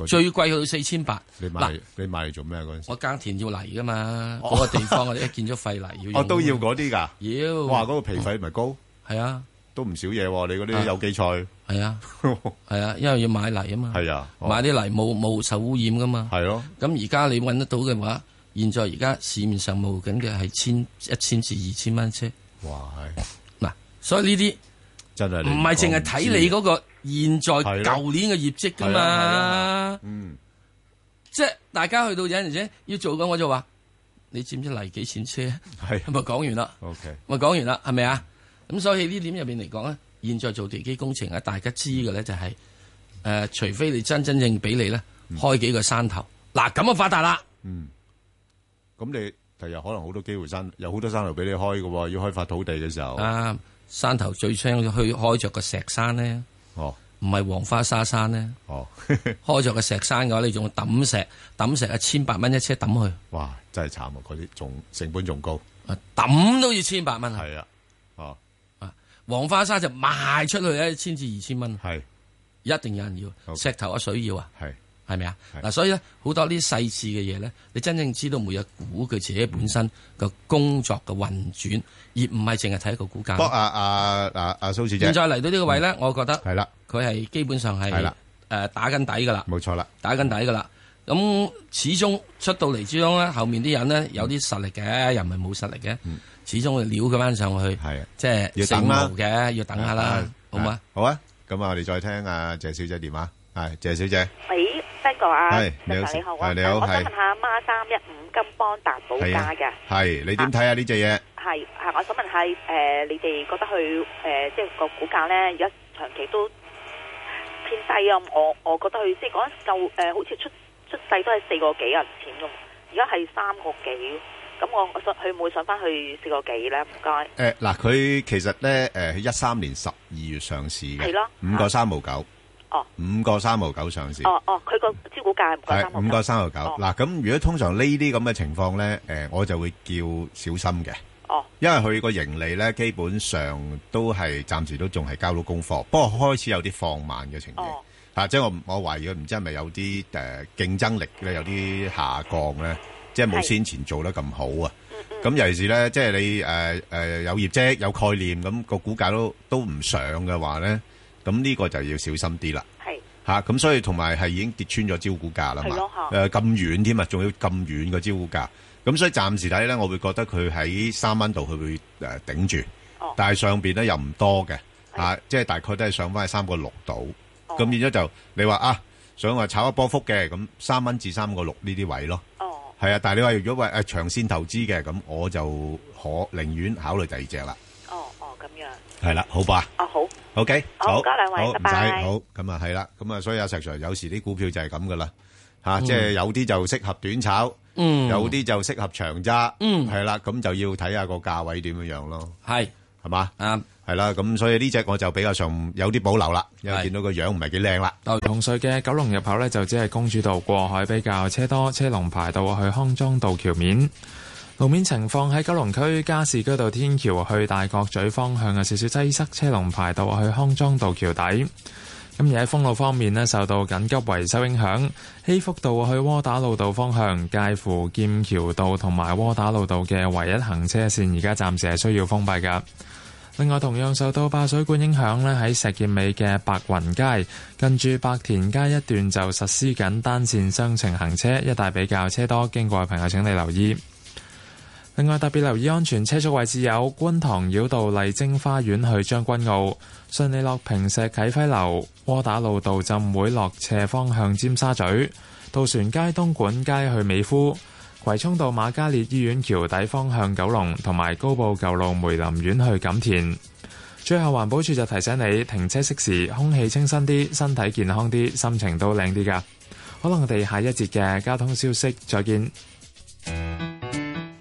最貴去到四千八。你買？你買嚟做咩嗰陣時？我耕田要泥噶嘛，嗰個地方我哋一見咗廢泥要用。我都要嗰啲噶。妖，哇，嗰個皮費咪高？係啊，都唔少嘢。你嗰啲有機菜。係啊，係啊，因為要買泥啊嘛，係啊，哦、買啲泥冇冇受污染噶嘛，係咯、啊。咁而家你搵得到嘅話，現在而家市面上冇緊嘅係千一千至二千蚊車。哇，係嗱、啊啊，所以呢啲真係唔係淨係睇你嗰個現在舊、啊、年嘅業績噶嘛、啊啊啊，嗯，即係大家去到有陣時要做緊我就話，你知唔知泥幾錢車？係咪講完啦？OK，咪講完啦，係咪啊？咁所以呢點入面嚟講咧？現在做地基工程啊，大家知嘅咧就係、是、誒、呃，除非你真真正俾你咧開幾個山頭，嗱咁、嗯、就發達啦。嗯，咁你第日可能好多機會山有好多山頭俾你開嘅喎，要開發土地嘅時候啊，山頭最青去開著個石山咧，哦，唔係黃花沙山咧，哦， [laughs] 開著個石山嘅話你要，你仲抌石抌石啊，千百蚊一車抌去，哇，真係慘啊，嗰啲仲成本仲高，抌都要千百蚊啊，係啊，啊黃花沙就賣出去一千至二千蚊，係是一定有人要，好石頭啊水要啊，係係咪啊？嗱，所以咧好多呢啲細緻嘅嘢咧，你真正知道每日估佢自己本身嘅工作嘅運轉，嗯、而唔係淨係睇一個股價。不啊啊嗱蘇小姐，現在嚟到呢個位咧，嗯、我覺得係啦，佢係基本上係誒打緊底噶啦，冇錯啦，嗯、錯打緊底噶啦。咁始終出到嚟之中咧，後面啲人咧有啲實力嘅，又唔係冇實力嘅。嗯嗯嗯嗯始終會撩佢翻上去，係啊，即係要等啦，嘅要等下啦，好嘛？好啊，咁啊，我哋再聽阿謝小姐電話，係謝小姐，喂，邊個啊？你好，你好，我想問下孖三一五金邦達寶嘉嘅，係你點睇啊？呢隻嘢係係，我想問下，誒，你哋覺得佢誒，即係個股價咧，而家長期都偏低啊？我我覺得佢即係講舊，誒，好似出出世都係四個幾銀錢噶，而家係三個幾。咁我我想佢唔會上翻去四個幾咧，唔該。誒，嗱，佢其實咧，誒，一三年十二月上市嘅。係咯。五個三毛九。哦。五個三毛九上市。哦哦，佢個招股價係五個三毛九。係五個三毛九。嗱，咁如果通常呢啲咁嘅情況咧，誒，我就會叫小心嘅。哦。因為佢個盈利咧，基本上都係暫時都仲係交到功課，不過開始有啲放慢嘅情況。哦。吓，即係我我懷疑佢唔知係咪有啲誒競爭力咧有啲下降咧。即係冇先前做得咁好啊。咁尤其是咧，即係你誒誒有業績、有概念，咁個股價都都唔上嘅話咧，咁呢個就要小心啲啦。係嚇咁，所以同埋係已經跌穿咗招股價啦嘛。誒咁遠添啊，仲要咁遠個招股價咁，所以暫時睇咧，我會覺得佢喺三蚊度，佢會誒頂住。哦，但係上邊咧又唔多嘅嚇，即係大概都係上翻去三個六度。哦，咁變咗就你話啊，想話炒一波幅嘅咁三蚊至三個六呢啲位咯。係啊，但係你話如果話誒長線投資嘅，咁我就可寧願考慮第二隻啦、哦。哦哦，咁樣係啦，好吧。啊好，OK，好，唔該兩位，好拜拜。好，咁啊係啦，咁啊所以阿石 Sir 有時啲股票就係咁噶啦，吓、啊，嗯、即係有啲就適合短炒，嗯，有啲就適合長揸，嗯，係啦的，咁就要睇下個價位點樣樣咯，係、嗯，係嘛，啱。係啦，咁所以呢隻我就比較上有啲保留啦，因為見到個樣唔係幾靚啦。的同歲嘅九龍入口呢，就只係公主道過海，比較車多，車龍排到去康莊道橋面路面情況喺九龍區加士居道天橋去大角咀方向嘅少少擠塞車龍，車龍排到去康莊道橋底。咁而喺封路方面呢，受到緊急維修影響，希福道去窩打老道方向介乎劍橋道同埋窩打老道嘅唯一行車線，而家暫時係需要封閉噶。另外，同樣受到爆水管影響咧，喺石硖尾嘅白雲街近住白田街一段就實施緊單線雙程行車，一帶比較車多，經過嘅朋友請你留意。另外，特別留意安全車速位置有：觀塘繞道麗晶花園去將軍澳、順利落坪石啟輝樓、窩打老道浸會落斜方向尖沙咀、渡船街東莞街去美孚。葵涌道瑪嘉烈醫院橋底方向九龍，同埋高布舊路梅林苑去錦田，最後環保處就提醒你停車適時，空氣清新啲，身體健康啲，心情都靚啲㗎。可能我哋下一節嘅交通消息再見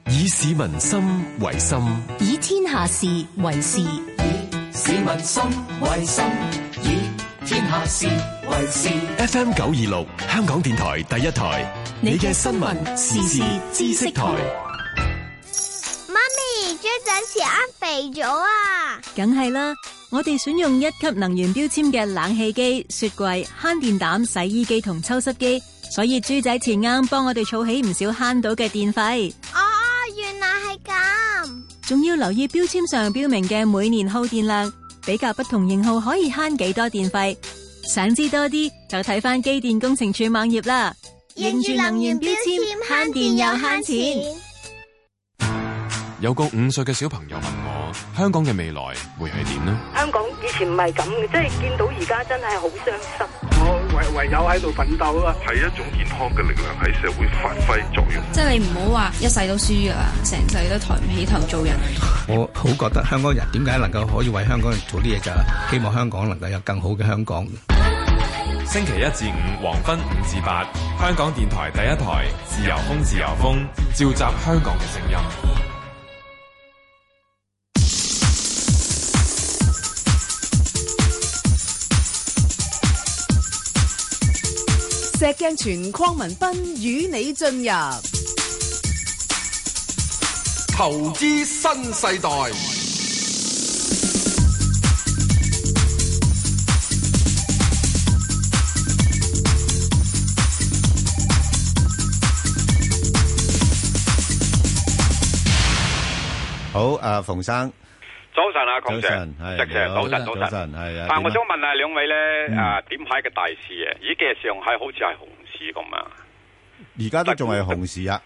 以心心以。以市民心為心，以天下事為事，以市民心為心。天下事為事。FM 九二六，香港電台第一台。你嘅新聞時事知識台。媽咪，豬仔前啱肥咗啊！梗係啦，我哋選用一級能源標籤嘅冷氣機、雪櫃、慳電膽、洗衣機同抽濕機，所以豬仔前啱幫我哋儲起唔少慳到嘅電費。哦，原來係咁。仲要留意標籤上標明嘅每年耗電量。比較不同型號可以慳幾多電費，想知多啲就睇返機電工程處網頁啦。認住能源標籤，慳電又慳錢。有個五歲嘅小朋友問我：香港嘅未來會係點呢？香港以前唔係咁嘅，即係見到而家真係好傷心。唯唯有喺度奮鬥啦，係一種健康嘅力量喺社會發揮作用。即係你唔好話一世都輸弱，成世都抬唔起頭做人。 [laughs] 我好覺得香港人點解能夠可以為香港人做啲嘢，就係希望香港能夠有更好嘅香港。星期一至五黃昏五至八，香港電台第一台，自由風，自由風，召集香港嘅聲音。石鏡泉、鄺民彬與你進入投資新世代。好，啊、呃，馮生。早晨啊，鄺 Sir，係，早晨，早晨，早晨，係啊。但係我想問下兩位咧，誒，點睇嘅大市嘅？咦，今日上海好似係紅市咁啊，而家都仲係紅市啊。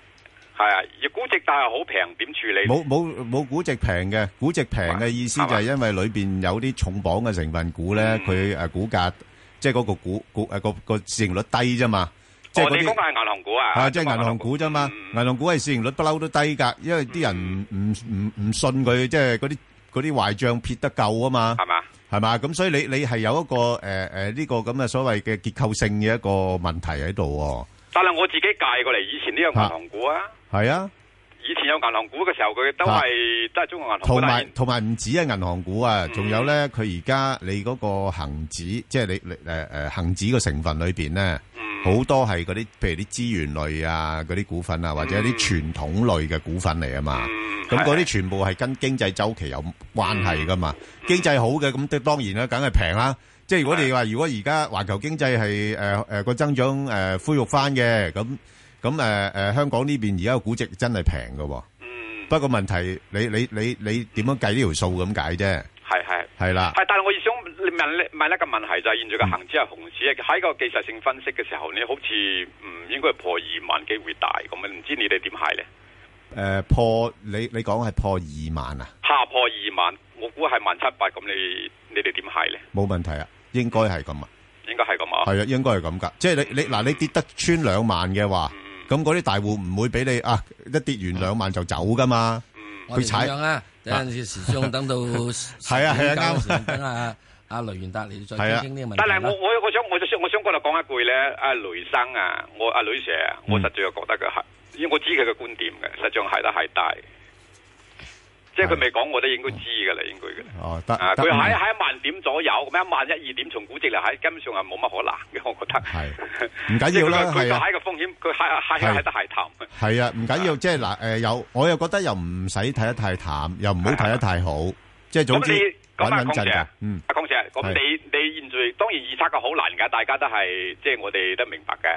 係啊，而估值但係好平，點處理？冇冇冇估值平嘅，估值平嘅意思就係因為裏邊有啲重磅嘅成分股咧，佢誒股價即係嗰個股股誒個個市盈率低啫嘛。即係你講嘅係銀行股啊，係即係銀行股啫嘛。銀行股係市盈率不嬲都低噶，因為啲人唔唔唔唔信佢，即係嗰啲。嗰啲壞賬撇得夠啊嘛。係嘛，係嘛，咁所以你你係有一個誒誒呢個咁嘅所謂嘅結構性嘅一個問題喺度。但係我自己介過嚟，以前都有銀行股啊，係啊，以前有銀行股嘅時候，佢都係都係中國銀行股。同埋同埋唔止係，銀行股啊，仲有咧，佢而家你嗰個恒指，即係你你誒誒恒指嘅成分裏邊咧。好多係嗰啲，譬如啲資源類啊，嗰啲股份啊，或者啲傳統類嘅股份嚟啊嘛。咁嗰啲全部係跟經濟週期有關係噶嘛。經濟好嘅，咁當然啦，梗係平啦。即係如果你話，如果而家環球經濟係誒誒個增長誒恢復翻嘅，咁咁誒誒香港呢邊而家個估值真係平嘅。不過問題，你你你你點樣計呢條數咁解啫？係係係啦。係，但係我亦想。問問一個問題就係、是、現在嘅恒指係熊市，喺個技術性分析嘅時候，你好似唔、嗯、應該破二萬機會大咁啊？唔知你哋點睇咧？誒、呃，破你你講係破二萬啊？下破二萬，我估係萬七八咁。你你哋點睇咧？冇問題啊，應該係咁啊，應該係咁啊，係啊，應該係咁噶。即係你、嗯、你嗱，你跌得穿兩萬嘅話，咁嗰啲大戶唔會俾你啊，一跌完兩萬就走噶嘛。去、嗯、踩哋啊，等陣時將等到係啊，啱，等啊。阿雷元達，你再澄清呢個問題啦。但係我我我想我就想我想講一句咧，阿雷生啊，我阿雷 Sir，我實在又覺得佢，係，因為我知佢嘅觀點嘅，實上係得係大，即係佢未講，我都應該知噶啦，應該嘅。哦，得佢喺喺一萬點左右，咁樣一萬一二點從估值嚟睇，根本上係冇乜可能嘅，我覺得係唔緊要啦，係啊。佢喺個風險，佢喺得係淡。係啊，唔緊要，即係嗱，誒，有我又覺得又唔使睇得太淡，又唔好睇得太好。咁你咁、那個、啊，鄺 Sir 啊，嗯，阿鄺 Sir 咁你你現在當然預測嘅好難㗎，大家都係即係我哋都明白嘅。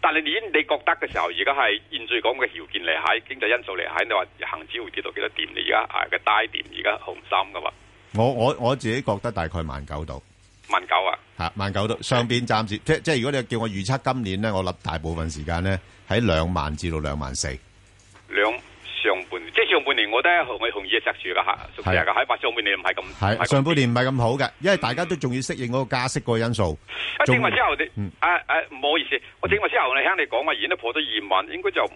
但係你你覺得嘅時候，而家係現在講嘅條件嚟喺經濟因素嚟喺，你話恒指會跌到幾多點？你而家啊嘅低點深，而家好唔深㗎嘛，我我我自己覺得大概萬九度，萬九啊，嚇萬九度。上邊暫時 Okay. 即即係如果你叫我預測今年咧，我諗大部分時間咧喺兩萬至到兩萬四兩。我都同我同意嘅石柱啦吓，石柱啊，喺上半年唔係咁，上半年唔係咁好嘅，因為大家都仲要適應嗰個加息嗰個因素。啊，正話之後，誒誒，唔好意思，我正話之後，你聽你講話，已經都破咗二萬，應該就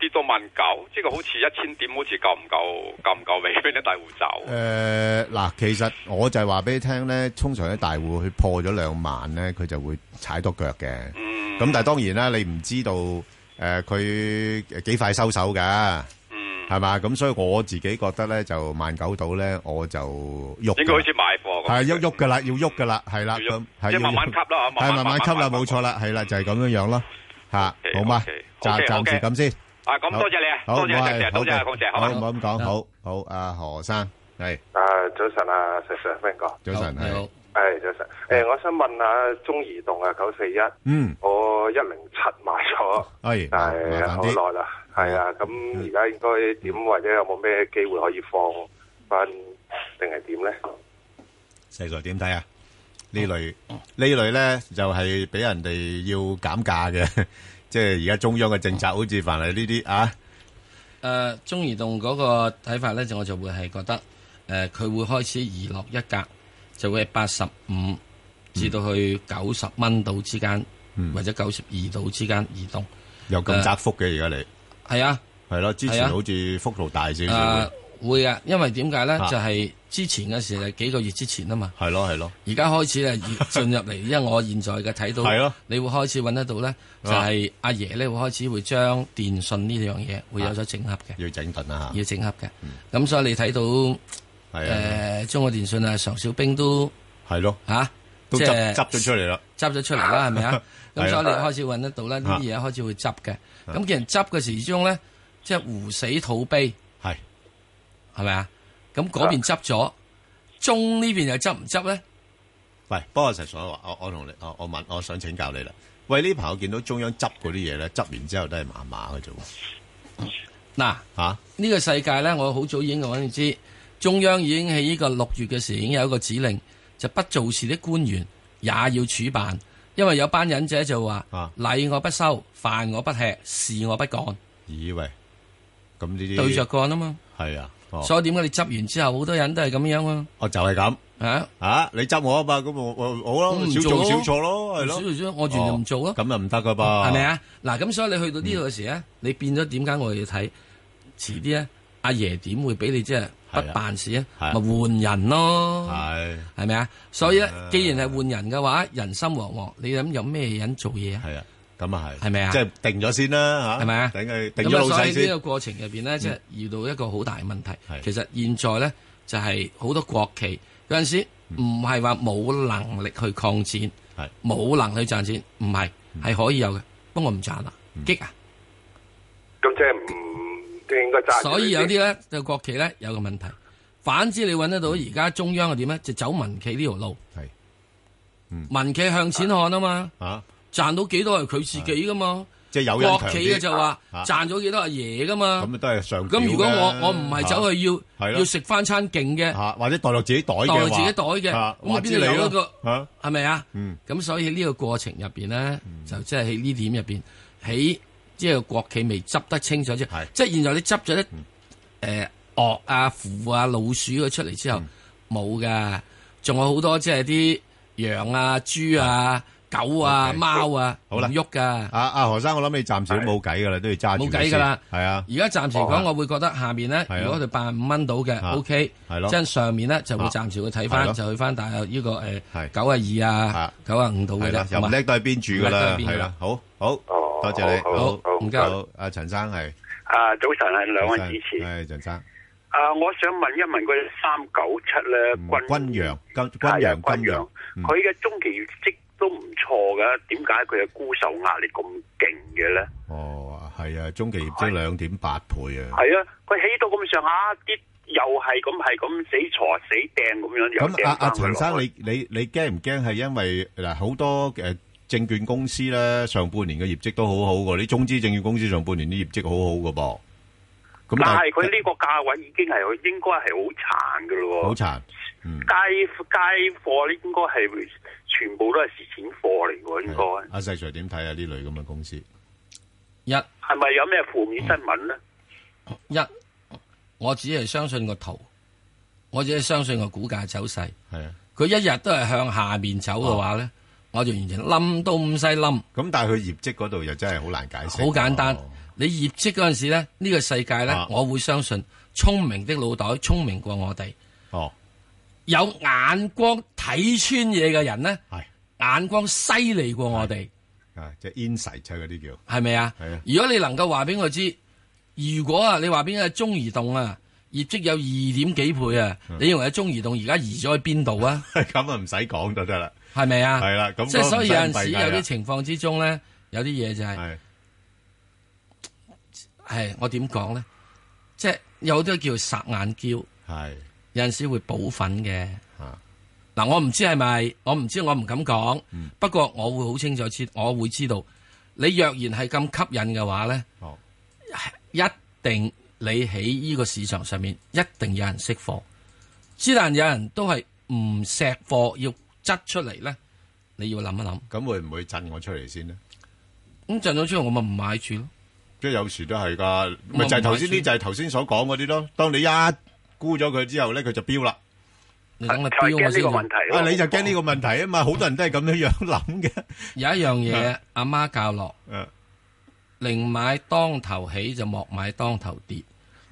跌到萬九，即係好似一千點，好似夠唔夠，夠唔夠俾啲大戶走？誒，嗱，其實我就係話俾你聽咧，通常啲大戶去破咗兩萬咧，佢就會踩多腳嘅。咁但係當然啦，你唔知道誒，佢幾快收手㗎。係嘛？咁所以我自己覺得咧，就萬九到咧，我就喐。應該好似買貨。係喐喐噶啦，要喐噶啦，係啦。即慢慢吸啦，係慢慢吸啦，冇錯啦，係啦，就係咁樣樣咯。嚇，好嘛？暫暫時咁先。啊，咁多謝你啊，多謝，多謝，多謝，多謝。好唔好咁講？好好，阿何生係。啊，早晨啊，陳 Sir，邊個？早晨，你好。係，早晨。誒，我想問下中移動啊，九四一，嗯，我一零七買咗，係，係好耐啦，係啊。咁而家應該點或者有冇咩機會可以放翻，定係點咧？石 Sir 點睇啊？呢類呢類咧就係俾人哋要減價嘅，即係而家中央嘅政策好似凡係呢啲啊。誒、呃，中移動嗰個睇法咧，就我就會係覺得，誒、呃，佢會開始移落一格。就會八十五至到去九十蚊度之間，或者九十二度之間移動，有咁窄幅嘅。而家你係啊，係咯，之前好似幅度大少少。誒，會嘅，因為點解咧？就係之前嘅時係幾個月之前啊嘛。係咯，係咯。而家開始咧進入嚟，因為我現在嘅睇到，係咯，你會開始揾得到咧，就係阿爺咧會開始會將電信呢樣嘢會有咗整合嘅，要整頓啊，要整合嘅。咁所以你睇到。誒，中國電信啊，常小兵都係咯吓，都執執咗出嚟啦，執咗出嚟啦，係咪啊？咁所以你開始揾得到呢啲嘢開始會執嘅。咁既然執嘅時，終咧即係狐死兔悲係，係咪啊？咁嗰邊執咗中呢邊又執唔執咧？喂，不過實所話，我我同你我我問我想請教你啦。喂，呢排我見到中央執嗰啲嘢咧，執完之後都係麻麻嘅啫。嗱吓，呢個世界咧，我好早已經講你知。中央已經喺呢個六月嘅時已經有一個指令，就不做事啲官員也要處辦，因為有班忍者就話：禮我不收，飯我不吃，事我不幹。以為咁呢啲對着幹啊嘛，係啊，所以點解你執完之後好多人都係咁樣啊？哦，就係咁，啊啊，你執我啊嘛，咁我好咯，少做少錯咯，係咯，我完全唔做咯，咁、哦、又唔得噶噃，係咪啊？嗱，咁所以你去到呢度嘅時候咧，嗯、你變咗點解我哋要睇？遲啲咧，阿爺點會俾你即係？不辦事啊，咪換人咯，係係咪啊？所以咧，既然係換人嘅話，人心惶惶，你諗有咩人做嘢啊？係啊，咁啊係，係咪啊？即係定咗先啦，吓，係咪啊？定咗老細先。咁所以呢個過程入邊呢，即係遇到一個好大嘅問題。其實現在呢，就係好多國企有陣時唔係話冇能力去抗戰，冇能力去賺錢，唔係，係可以有嘅，不過唔賺啦，激啊！咁即係唔。所以有啲咧，就國企咧，有個問題。反之，你揾得到而家中央係點咧？就走民企呢條路，係，民企向錢看啊嘛，吓，賺到幾多係佢自己噶嘛，即係有人強啲，國企嘅就話賺咗幾多阿爺噶嘛，咁都係上，咁如果我我唔係走去要要食翻餐勁嘅，或者袋落自己袋嘅話，袋落自己袋嘅，咁邊有個，係咪啊？咁所以呢個過程入邊咧，就即係喺呢點入邊喺。即係國企未執得清楚先，即係現在你執咗啲誒鱷啊、虎啊、老鼠啊出嚟之後冇噶，仲有好多即係啲羊啊、豬啊、狗啊、貓啊，唔喐噶。啊啊何生，我諗你暫時都冇計噶啦，都要揸住先。冇計噶啦，係啊。而家暫時講，我會覺得下面咧，如果佢八五蚊到嘅，OK。係咯。即係上面咧就會暫時會睇翻，就去翻大約呢個誒九啊二啊、九啊五度噶啦，又唔叻都係邊住噶啦，係啦。好，好。多謝你，好唔該好，阿陳好謝、啊、生係，啊早晨係兩位主持，係陳、啊、生，啊我想問一問佢三九七咧，軍軍洋，軍軍洋軍洋，佢嘅中期業績都唔錯噶，點解佢嘅沽售壓力咁勁嘅咧？哦、啊，係啊，中期業績兩點八倍啊，係啊，佢起到咁上下，啲，又係咁，係咁死挫死掟咁樣樣，咁阿阿陳生，嗯、你你你驚唔驚？係因為嗱好多誒。呃證券公司咧上半年嘅業績都好好喎，你中資證券公司上半年啲業績好好嘅噃。咁但係佢呢個價位已經係應該係好慘嘅咯。好慘，嗯、街街貨咧應該係全部都係蝕錢貨嚟嘅應該。阿細 Sir 點睇下呢類咁嘅公司，一係咪有咩負面新聞呢？一，我只係相信個圖，我只係相信個股價走勢。係啊，佢一日都係向下面走嘅話咧。哦我就完全冧都唔使冧，咁但係佢業績嗰度又真係好難解釋。好簡單，你業績嗰陣時咧，呢、這個世界咧，啊、我會相信聰明的腦袋聰明過我哋。哦、啊，有眼光睇穿嘢嘅人咧，是眼光犀利過我哋。啊，即係 insight 嗰啲叫係咪啊？係啊吧的！如果你能夠話俾我知，如果啊，你話邊個中移動啊，業績有二點幾倍啊，嗯、你認為中移動而家移咗去邊度啊？咁啊， [laughs] 唔使講就得啦。係咪啊？係啦，咁即係所以有陣時有啲情況之中咧，有啲嘢就係、是、係是我點講咧？即係有啲叫煞眼嬌，係是有陣時會補粉嘅嗱是。我唔知係咪，我唔知我，我唔敢講。不過我會好清楚知，我會知道你若然係咁吸引嘅話咧，哦、一定你喺呢個市場上面一定有人識貨，之但有人都係唔錫貨要。擲出嚟咧，你要諗一諗，咁會唔會震我出嚟先呢？咁震咗出嚟，我咪唔買住咯。即係有時都係噶，咪就係頭先啲就係頭先所講嗰啲咯。當你一沽咗佢之後咧，佢就飆啦。你等佢飆先。啊，個問題啊，啊，你就驚呢個問題啊嘛，好、啊、多人都係咁樣樣諗嘅。有一樣嘢，阿媽、啊啊、教落，啊、寧買當頭起就莫買當頭跌。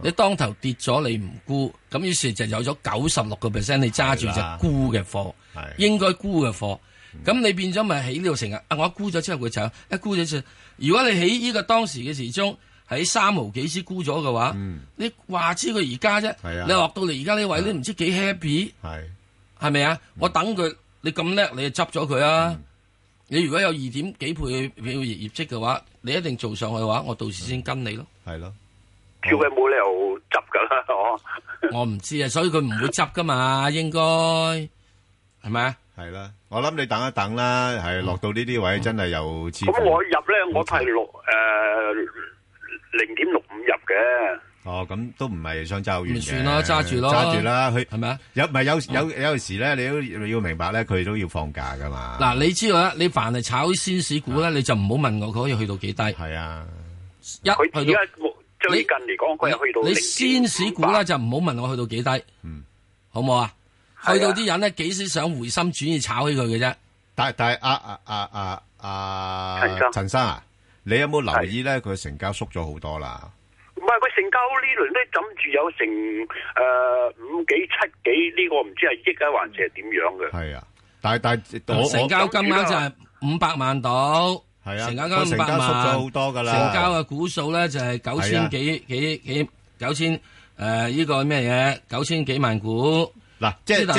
你當頭跌咗你唔沽，咁於是就有咗九十六個 percent 你揸住隻沽嘅貨，應該沽嘅貨，咁你變咗咪喺呢度成日啊？我沽咗之後佢就一沽咗算，如果你喺呢個當時嘅時鐘喺三毫幾先沽咗嘅話，你話知佢而家啫，你落到嚟而家呢位你唔知幾 happy，係咪啊？我等佢，你咁叻你就執咗佢啊！你如果有二點幾倍嘅業業績嘅話，你一定做上去嘅話，我到時先跟你咯。係咯。叫佢冇理由執噶啦，我我唔知啊，所以佢唔會執噶嘛，應該係咪啊？係啦，我諗你等一等啦，係落到呢啲位真係又。咁我入咧，我係六誒零點六五入嘅。哦，咁都唔係想揸完嘅。唔算咯，揸住咯，揸住啦。佢係咪啊？有咪有有有時咧，你都要明白咧，佢都要放假噶嘛。嗱，你知道啦，你凡係炒先市股咧，你就唔好問我佢可以去到幾低。係啊，一去到。最近嚟講，佢你又去到你先市股啦，就唔好問我去到幾低，嗯，好冇啊？去到啲人咧，幾時想回心轉意炒起佢嘅啫？但但係阿阿阿阿阿陳生啊，你有冇留意咧？佢是成交縮咗好多啦。唔係佢成交呢輪咧，枕住有成誒五幾、七幾呢個，唔知係億啊，還是係點樣嘅？係啊，但係但係我成交金額就係五百萬到。係啊，成交金額，成交嘅股數咧就係九千幾、啊、幾幾九千誒，呢、呃呢個咩嘢？九千幾萬股。嗱啦，即係即係，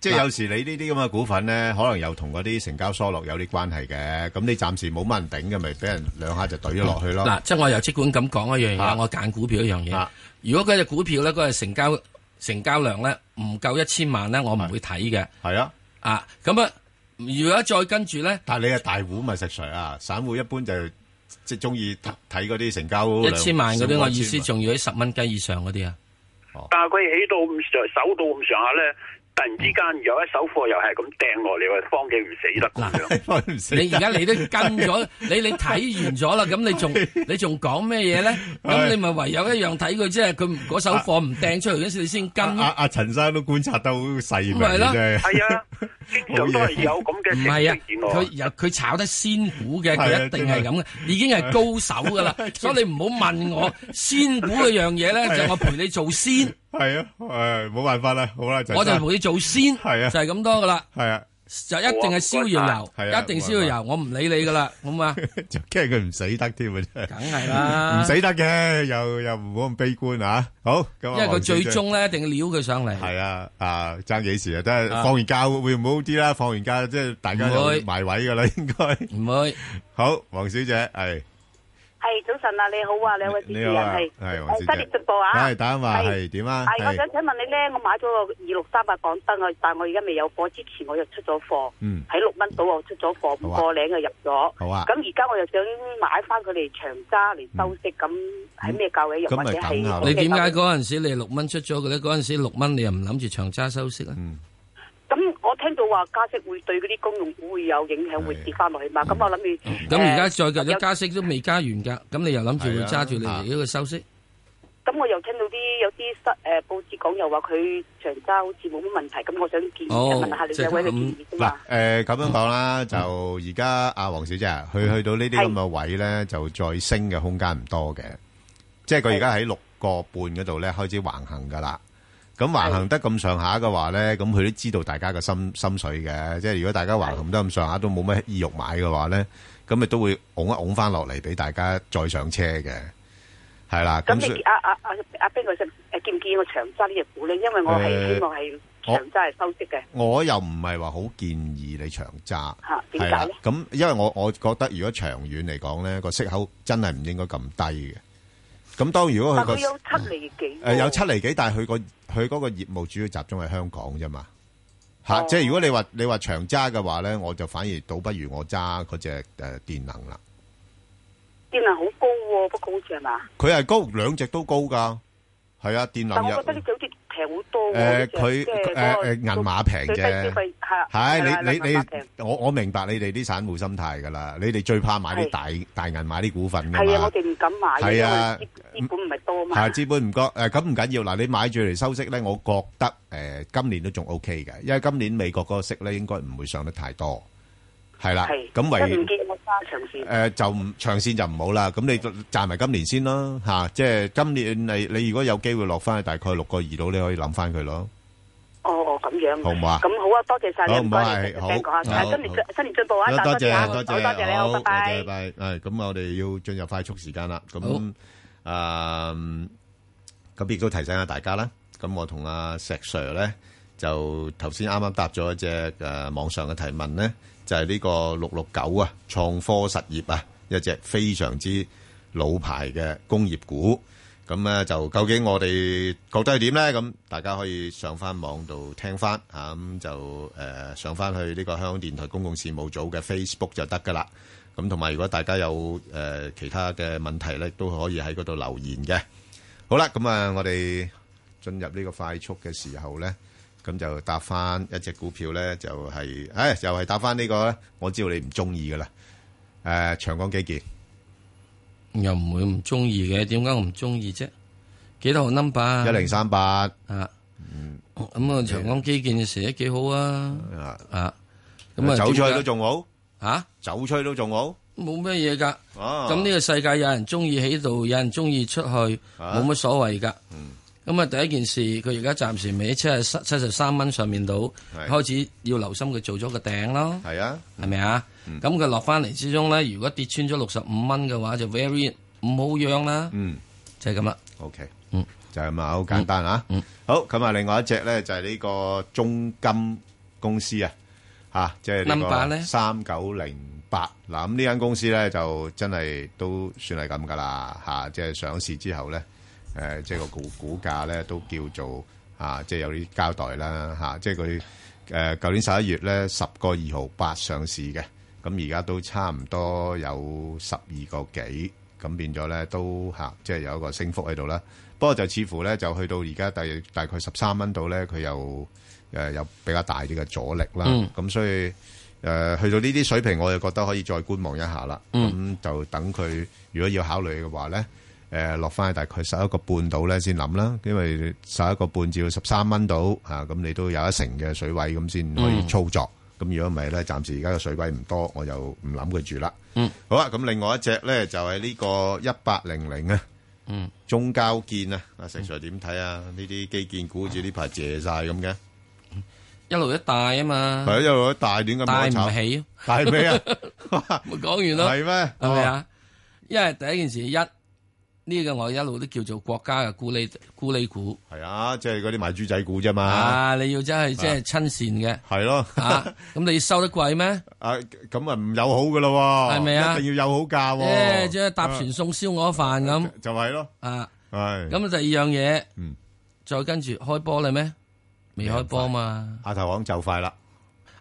即係類啦有時你呢啲咁嘅股份咧，可能又同嗰啲成交疏落有啲關係嘅。咁你暫時冇乜人頂嘅，咪俾人兩下就懟咗落去咯。嗱、啊，即係我由即管咁講一樣嘢，啊、我揀股票一樣嘢。啊、如果嗰隻股票咧，嗰、嗰個成交成交量咧唔夠一千萬咧，我唔會睇嘅。係啊，啊，咁啊。啊啊啊啊啊如果再跟住咧，但係你係大戶咪食水啊？散戶一般就即係中意睇嗰啲成交一千萬嗰啲，我意思仲要喺十蚊雞以上嗰啲啊。但係佢起到咁上下，手到咁上下咧。突然之間，有一手貨又係咁掟落你，嚟，方嘅唔死得嗱，你而家你都跟咗，你你睇完咗啦，咁你仲你仲講咩嘢咧？咁你咪唯有一樣睇佢，即係佢嗰手貨唔掟出嚟嗰時，你先跟。阿阿陳生都觀察得好細㗎，真係。係啊，咁都係有咁嘅唔係啊，佢有佢炒得仙股嘅，佢一定係咁嘅，已經係高手㗎啦。所以你唔好問我仙股嗰樣嘢咧，就我陪你做先。係啊，誒，冇辦法啦，好啦，我就係同你做先，就係咁多噶啦，係啊，就一定係燒油，一定燒油，我唔理你噶啦，咁啊，驚佢唔死得添啊，真係，梗係啦，唔死得嘅，又又唔好咁悲觀啊，好，因為佢最終咧，一定要撩佢上嚟，係啊，啊，爭幾時啊，都係放完假會唔會好啲啦？放完假即係大家就埋位噶啦，應該唔會，好，黃小姐，係。係早晨啊，你好啊，兩位主持人係，係，熱烈直播啊，係打電話係點啊？係我想請問你咧，我買咗個二六三八港燈啊，但係我而家未有貨，之前我又出咗貨，嗯，喺六蚊度我出咗貨，五個零啊入咗，好啊，咁而家我又想買翻佢哋長揸嚟收息，咁喺咩價位入？咁咪等下？你點解嗰陣時你六蚊出咗嘅咧？嗰陣時六蚊你又唔諗住長揸收息咧？嗯，咁。聽到話加息會對嗰啲公用股會有影響，會跌翻落去嘛？咁我諗住咁而家再嚟，如果加息都未加完噶，咁你又諗住會揸住嚟一個收息？咁我又聽到啲有啲新誒報紙講，又話佢長揸好似冇乜問題。咁我想建議問下兩位嘅建議啫嘛。誒，咁樣講啦，就而家阿黃小姐佢去到呢啲咁嘅位咧，就再升嘅空間唔多嘅，即係佢而家喺六個半嗰度咧開始橫行噶啦。咁、嗯、橫行得咁上下嘅話咧，咁佢都知道大家嘅心心水嘅，即係如果大家橫行得咁上下都冇乜意欲買嘅話咧，咁咪都會拱一拱翻落嚟俾大家再上車嘅，係啦。咁你阿阿阿阿彬建唔建議我長揸呢隻股咧？因為我係、呃、希望係長揸係收息嘅。我又唔係話好建議你長揸嚇點解咧？咁因為我我覺得如果長遠嚟講咧，個息口真係唔應該咁低嘅。咁當然如果佢、嗰個誒有七厘幾、呃嗯，但係佢個佢嗰個業務主要集中喺香港啫嘛，嚇、啊！嗯、即係如果你，你話你話長揸嘅話咧，我就反而倒不如我揸嗰隻誒電能啦。電能好高喎、哦，不過好似係嘛？佢係高兩隻都高㗎，係啊！電能又。平好多喎，即係銀碼平啫，係係、呃、你你你，我我明白你哋啲散戶心態噶啦，你哋最怕買啲大的大銀碼啲股份噶嘛，係啊，我哋唔敢買，係啊的，資本唔係多嘛，係資本唔多，誒咁唔緊要，嗱你買住嚟收息咧，我覺得誒、呃、今年都仲 O K 嘅，因為今年美國嗰個息咧應該唔會上得太多。係啦，咁唯唔見我揸長線誒，就唔長線就唔好啦。咁你賺埋今年先咯，吓，即係今年你你如果有機會落翻去，大概六個二度，你可以諗翻佢咯。哦哦，咁樣好唔好啊？咁好啊，多謝晒你，唔該。唔該，好。新年新年進步啊！多謝啊，多謝，多謝你，拜拜拜拜。誒，咁我哋要進入快速時間啦。咁誒，咁亦都提醒下大家啦。咁我同阿石 Sir 咧，就頭先啱啱答咗一隻誒網上嘅提問咧。就係呢個六六九啊，創科實業啊，一隻非常之老牌嘅工業股。咁、嗯、咧就究竟我哋覺得係點咧？咁、嗯、大家可以上翻網度聽翻吓，咁、嗯、就誒、呃、上翻去呢個香港電台公共事務組嘅 Facebook 就得㗎啦。咁同埋如果大家有誒、呃、其他嘅問題咧，都可以喺嗰度留言嘅。好啦，咁、嗯、啊，我哋進入呢個快速嘅時候咧。咁就搭翻一隻股票咧，就係，誒，又係搭翻呢個咧，我知道你唔中意噶啦。誒，長江基建，又唔會唔中意嘅，點解我唔中意啫？幾多號 number？一零三八。啊，咁啊，長江基建寫得幾好啊，啊，咁啊，走出去都仲好，吓，走出去都仲好，冇咩嘢噶。哦，咁呢個世界有人中意喺度，有人中意出去，冇乜所謂噶。咁啊，第一件事，佢而家暫時未喺係七七十三蚊上面度，的開始要留心佢做咗個頂咯。係啊的，係咪啊？咁佢落翻嚟之中咧，如果跌穿咗六十五蚊嘅話，就 very 唔好養啦。嗯，就係咁啦。OK，嗯，就係咁啊，好簡單啊。嗯，好。咁啊，另外一隻咧就係呢個中金公司啊，吓、嗯，即係呢個三九零八。嗱，咁呢間公司咧就真係都算係咁噶啦，吓，即係上市之後咧。誒、呃，即係個股，股價咧，都叫做嚇、啊，即係有啲交代啦嚇、啊。即係佢誒，舊、呃、年十一月咧，十個二毫八上市嘅，咁而家都差唔多有十二個幾，咁變咗咧都嚇、啊，即係有一個升幅喺度啦。不過就似乎咧，就去到而家第大概十三蚊度咧，佢又誒有比較大啲嘅阻力啦。咁、嗯、所以誒、呃，去到呢啲水平，我就覺得可以再觀望一下啦。咁就等佢，如果要考慮嘅話咧。誒，落翻去大概十一個半度咧，先諗啦。因為十一個半至到十三蚊度，吓，咁你都有一成嘅水位，咁先可以操作。咁如果唔係咧，暫時而家嘅水位唔多，我就唔諗佢住啦。嗯，好啦。咁另外一隻咧就係呢個一八零零啊，嗯，中交建啊，阿成 sir 點睇啊？呢啲基建股住呢排借晒咁嘅，一路一帶啊嘛。係一路一帶，短咁我炒起，大尾啊！冇講完啦，係咩？係咪啊？因為第一件事一。呢個我一路都叫做國家嘅咕喱咕喱股，係啊，即係嗰啲賣豬仔股啫嘛。啊，你要真係即係親善嘅，係咯咁你收得貴咩？啊，咁啊唔友好嘅咯喎，係咪啊？一定要有好價喎。即係搭船送燒鵝飯咁，就係咯。啊，係。咁第二樣嘢，嗯，再跟住開波啦咩？未開波嘛。亞投行就快啦。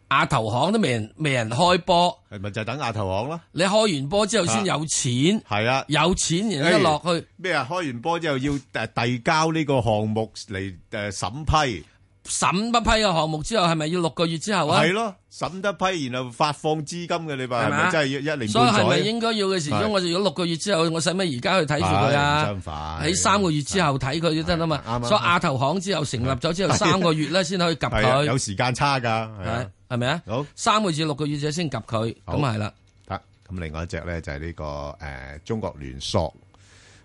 亞投行都未人未人開波，係咪就等亞投行咯？你開完波之後先有錢，係啊，有錢然之後落去咩啊？開完波之後要誒遞交呢個項目嚟誒審批，審得批個項目之後係咪要六個月之後啊？係咯，審得批然後發放資金嘅，你話係咪真係要一年。所以係咪應該要嘅？始終我如果六個月之後，我使乜而家去睇住佢啊？相反，喺三個月之後睇佢就得吖嘛。所以亞投行之後成立咗之後三個月咧，先可以及佢。有時間差噶。係咪啊？是是好三個月至六個月只先及佢，咁係啦。得咁，另外一隻咧就係呢、這個誒、呃、中國聯塑。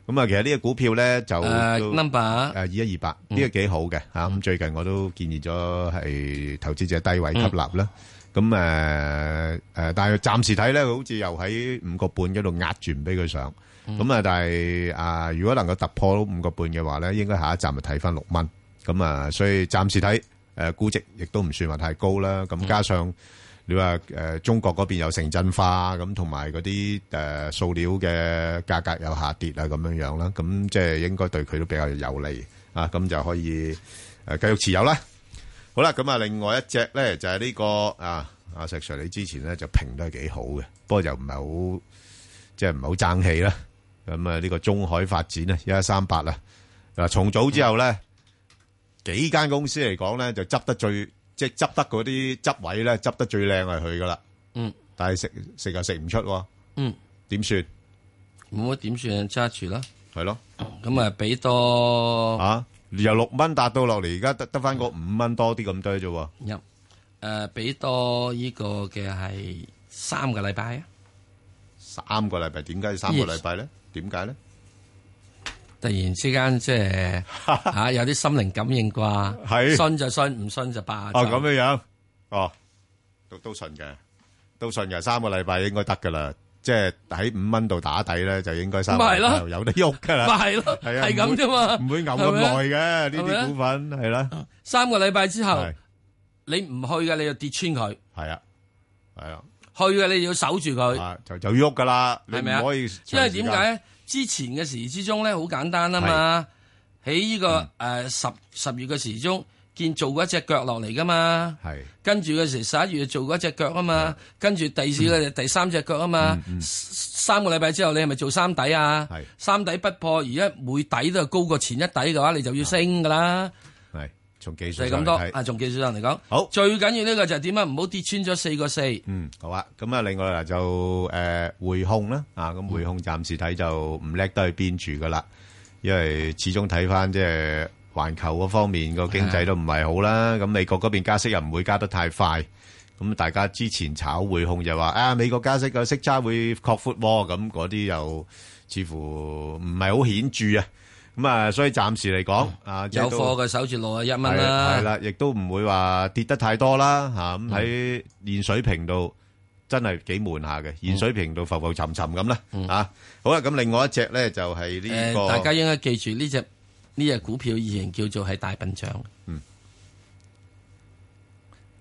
咁啊，其實呢個股票咧就 number 誒二一二八，呢個幾好嘅吓。咁、嗯啊、最近我都建議咗係投資者低位吸納啦。咁誒誒，但係暫時睇咧，好似又喺五個半一路壓住唔俾佢上。咁啊、嗯，嗯、但係啊、呃，如果能夠突破到五個半嘅話咧，應該下一站咪睇翻六蚊。咁啊，所以暫時睇。誒，估值亦都唔算話太高啦，咁加上你話誒中國嗰邊有城鎮化咁，同埋嗰啲誒塑料嘅價格有下跌啊，咁樣樣啦，咁即係應該對佢都比較有利啊，咁就可以誒繼續持有啦。好啦，咁啊，另外一隻咧就係呢個啊阿石 Sir，你之前咧就評得係幾好嘅，不過又唔係好即係唔係好爭氣啦。咁啊呢個中海發展啊，一一三八啦，嗱重組之後咧。幾間公司嚟講咧，就執得最即係執得嗰啲執位咧，執得最靚係佢噶啦。嗯，但係食食又食唔出。嗯，點算？冇乜點算？揸住啦。係咯。咁啊，俾多啊由六蚊達到落嚟，而家得得翻個五蚊多啲咁多啫。入誒，俾多呢個嘅係三個禮拜啊。三個禮拜？點解三個禮拜咧？點解咧？突然之間即係吓有啲心靈感應啩，信就信，唔信就罷。哦咁樣樣，哦都都信嘅，都信嘅三個禮拜應該得噶啦，即係喺五蚊度打底咧就應該三，有有得喐噶啦。咪係咯，係啊，係咁啫嘛，唔會牛咁耐嘅呢啲股份係啦。三個禮拜之後你唔去嘅你就跌穿佢，係啊係啊，去嘅你要守住佢，就就喐噶啦，你唔可以。因為點解？之前嘅時之中咧，好簡單啊嘛，喺呢是、呢個誒、嗯呃、十十月嘅時中見做過一隻腳落嚟噶嘛，是跟住嘅時十一月就做過一隻腳啊嘛，啊跟住第二次、嗯、第三隻腳啊嘛，嗯嗯、三個禮拜之後你係咪做三底啊？是三底不破，而家每底都係高過前一底嘅話，你就要升噶啦。就係咁多啊！從技術上嚟講，好最緊要呢個就係點啊？唔好跌穿咗四個四。嗯，好啊。咁啊，另外嗱就誒匯控啦。啊，咁匯控暫時睇就唔叻得去邊住㗎啦。因為始終睇返即係環球嗰方面個經濟都唔係好啦。咁美國嗰邊加息又唔會加得太快。咁大家之前炒匯控就話啊，美國加息個息差會擴闊喎。咁嗰啲又似乎唔係好顯著啊。咁啊，所以暫時嚟講，啊有貨嘅守住六啊一蚊啦，係啦，亦都唔會話跌得太多啦，吓咁喺現水平度真係幾悶下嘅，現水平度浮浮沉沉咁啦，啊好啦，咁另外一隻咧就係呢個，大家應該記住呢隻呢隻股票以前叫做係大笨象，嗯，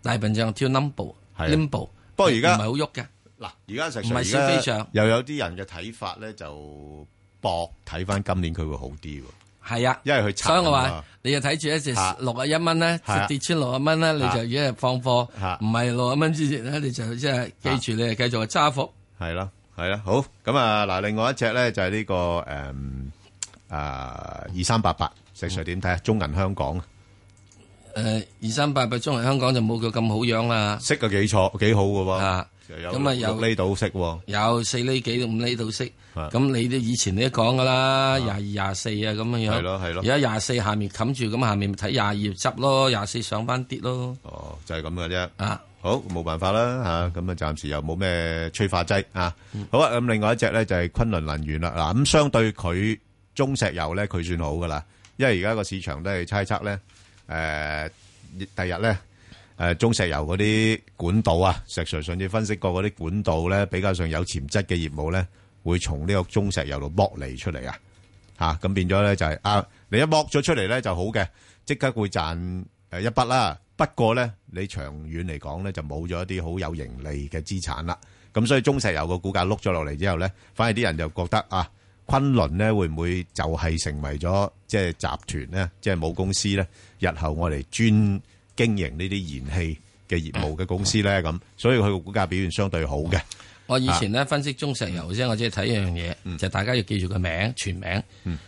大笨象跳 number number，不過而家唔係好喐嘅，嗱而家實上而家又有啲人嘅睇法咧就。博睇翻今年佢會好啲喎，係啊，因為佢，所以我話你就睇住一隻六啊一蚊咧，跌穿六啊蚊咧，你就已經係放貨，唔係六啊蚊之前咧，你就即係記住你係繼續揸伏。係咯、啊，係啦、啊，好咁啊嗱，另外一隻咧就係、是、呢、這個誒、嗯，啊二三八八石穗點睇啊？中銀香港誒，二三八八中銀香港就冇佢咁好樣啦，識個幾錯幾好噶喎。咁啊有四厘到息，有四厘幾到五厘到息。咁你啲以前你都講噶啦，廿二廿四啊咁樣樣。係咯係咯。而家廿四下面冚住，咁下面咪睇廿二執咯，廿四上翻啲咯。哦，就係咁噶啫。啊，好，冇辦法啦吓，咁啊暫時又冇咩催化劑啊。好啊，咁另外一隻咧就係崑崙能源啦。嗱，咁相對佢中石油咧，佢算好噶啦，因為而家個市場都係猜測咧，誒，第日咧。誒，中石油嗰啲管道啊，石 Sir 上次分析過嗰啲管道咧，比較上有潛質嘅業務咧，會從呢個中石油度剝離出嚟啊！嚇、就是，咁變咗咧就係啊，你一剝咗出嚟咧就好嘅，即刻會賺誒一筆啦。不過咧，你長遠嚟講咧就冇咗一啲好有盈利嘅資產啦。咁所以中石油個股價碌咗落嚟之後咧，反而啲人就覺得啊，昆侖咧會唔會就係成為咗即係集團咧，即係母公司咧，日後我哋專經營呢啲燃氣嘅業務嘅公司咧，咁所以佢個股價表現相對好嘅。我以前咧分析中石油先，我只係睇一樣嘢，就大家要記住個名全名，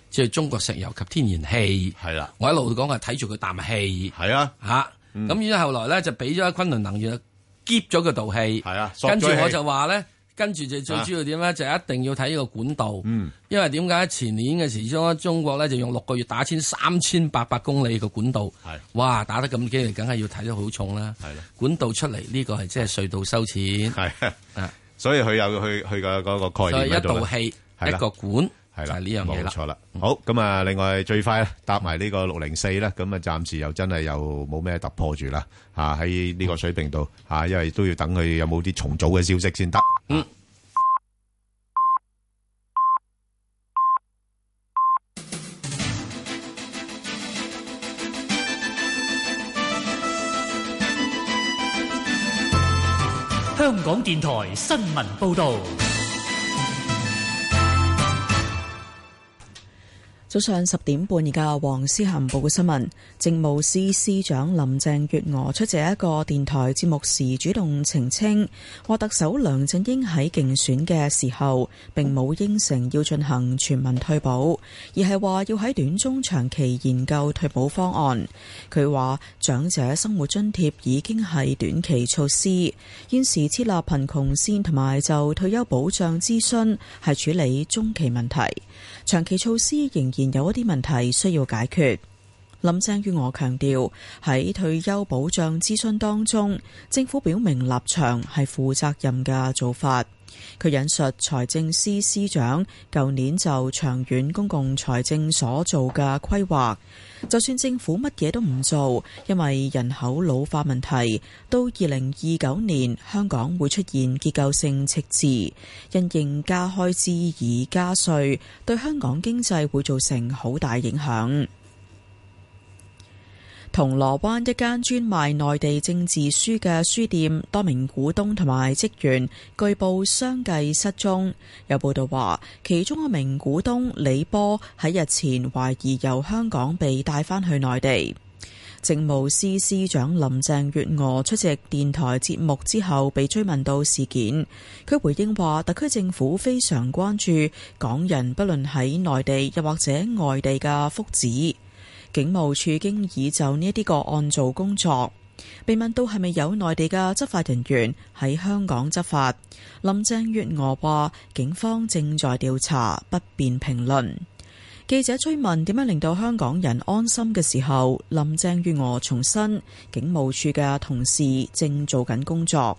即係中國石油及天然氣。係啦，我一路講係睇住佢啖氣。係啊，吓咁。然之後來咧就俾咗昆侖能源揭咗個道氣。係啊，跟住我就話咧。跟住就最主要點咧，就一定要睇呢個管道，嗯、因為點解前年嘅時中咧，中國咧就用六個月打穿三千八百公里嘅管道，的哇！打得咁堅，梗係要睇得好重啦。的管道出嚟呢、這個係即係隧道收錢，的的所以佢有去去嗰個概念一道氣，的一個管。係啦，呢樣嘢啦，冇錯啦。好，咁啊，另外最快咧，搭埋呢個六零四啦。咁啊，暫時又真係又冇咩突破住啦。吓喺呢個水平度吓，因為都要等佢有冇啲重組嘅消息先得。嗯。香港電台新聞報道。早上十點半，而家黃思涵報道新聞，政務司司長林鄭月娥出席一個電台節目時，主動澄清話，特首梁振英喺競選嘅時候並冇應承要進行全民退保，而係話要喺短中長期研究退保方案。佢話長者生活津貼已經係短期措施，現時設立貧窮線同埋就退休保障諮詢係處理中期問題，長期措施仍然有一啲問題需要解決。林鄭月娥強調，喺退休保障諮詢當中，政府表明立場係負責任嘅做法。佢引述財政司司長舊年就長遠公共財政所做嘅規劃，就算政府乜嘢都唔做，因為人口老化問題，到二零二九年香港會出現結構性赤字，因應加開支而加稅，對香港經濟會造成好大影響。銅鑼灣一間專賣內地政治書嘅書店，多名股東同埋職員據報相繼失蹤。有報道話，其中一名股東李波喺日前懷疑由香港被帶返去內地。政務司司長林鄭月娥出席電台節目之後，被追問到事件，佢回應話，特區政府非常關注港人不論喺內地又或者外地嘅福祉。警務處經已就呢啲個案做工作。被問到係咪有內地嘅執法人員喺香港執法，林鄭月娥話警方正在調查，不便評論。記者追問點樣令到香港人安心嘅時候，林鄭月娥重申警務處嘅同事正做緊工作。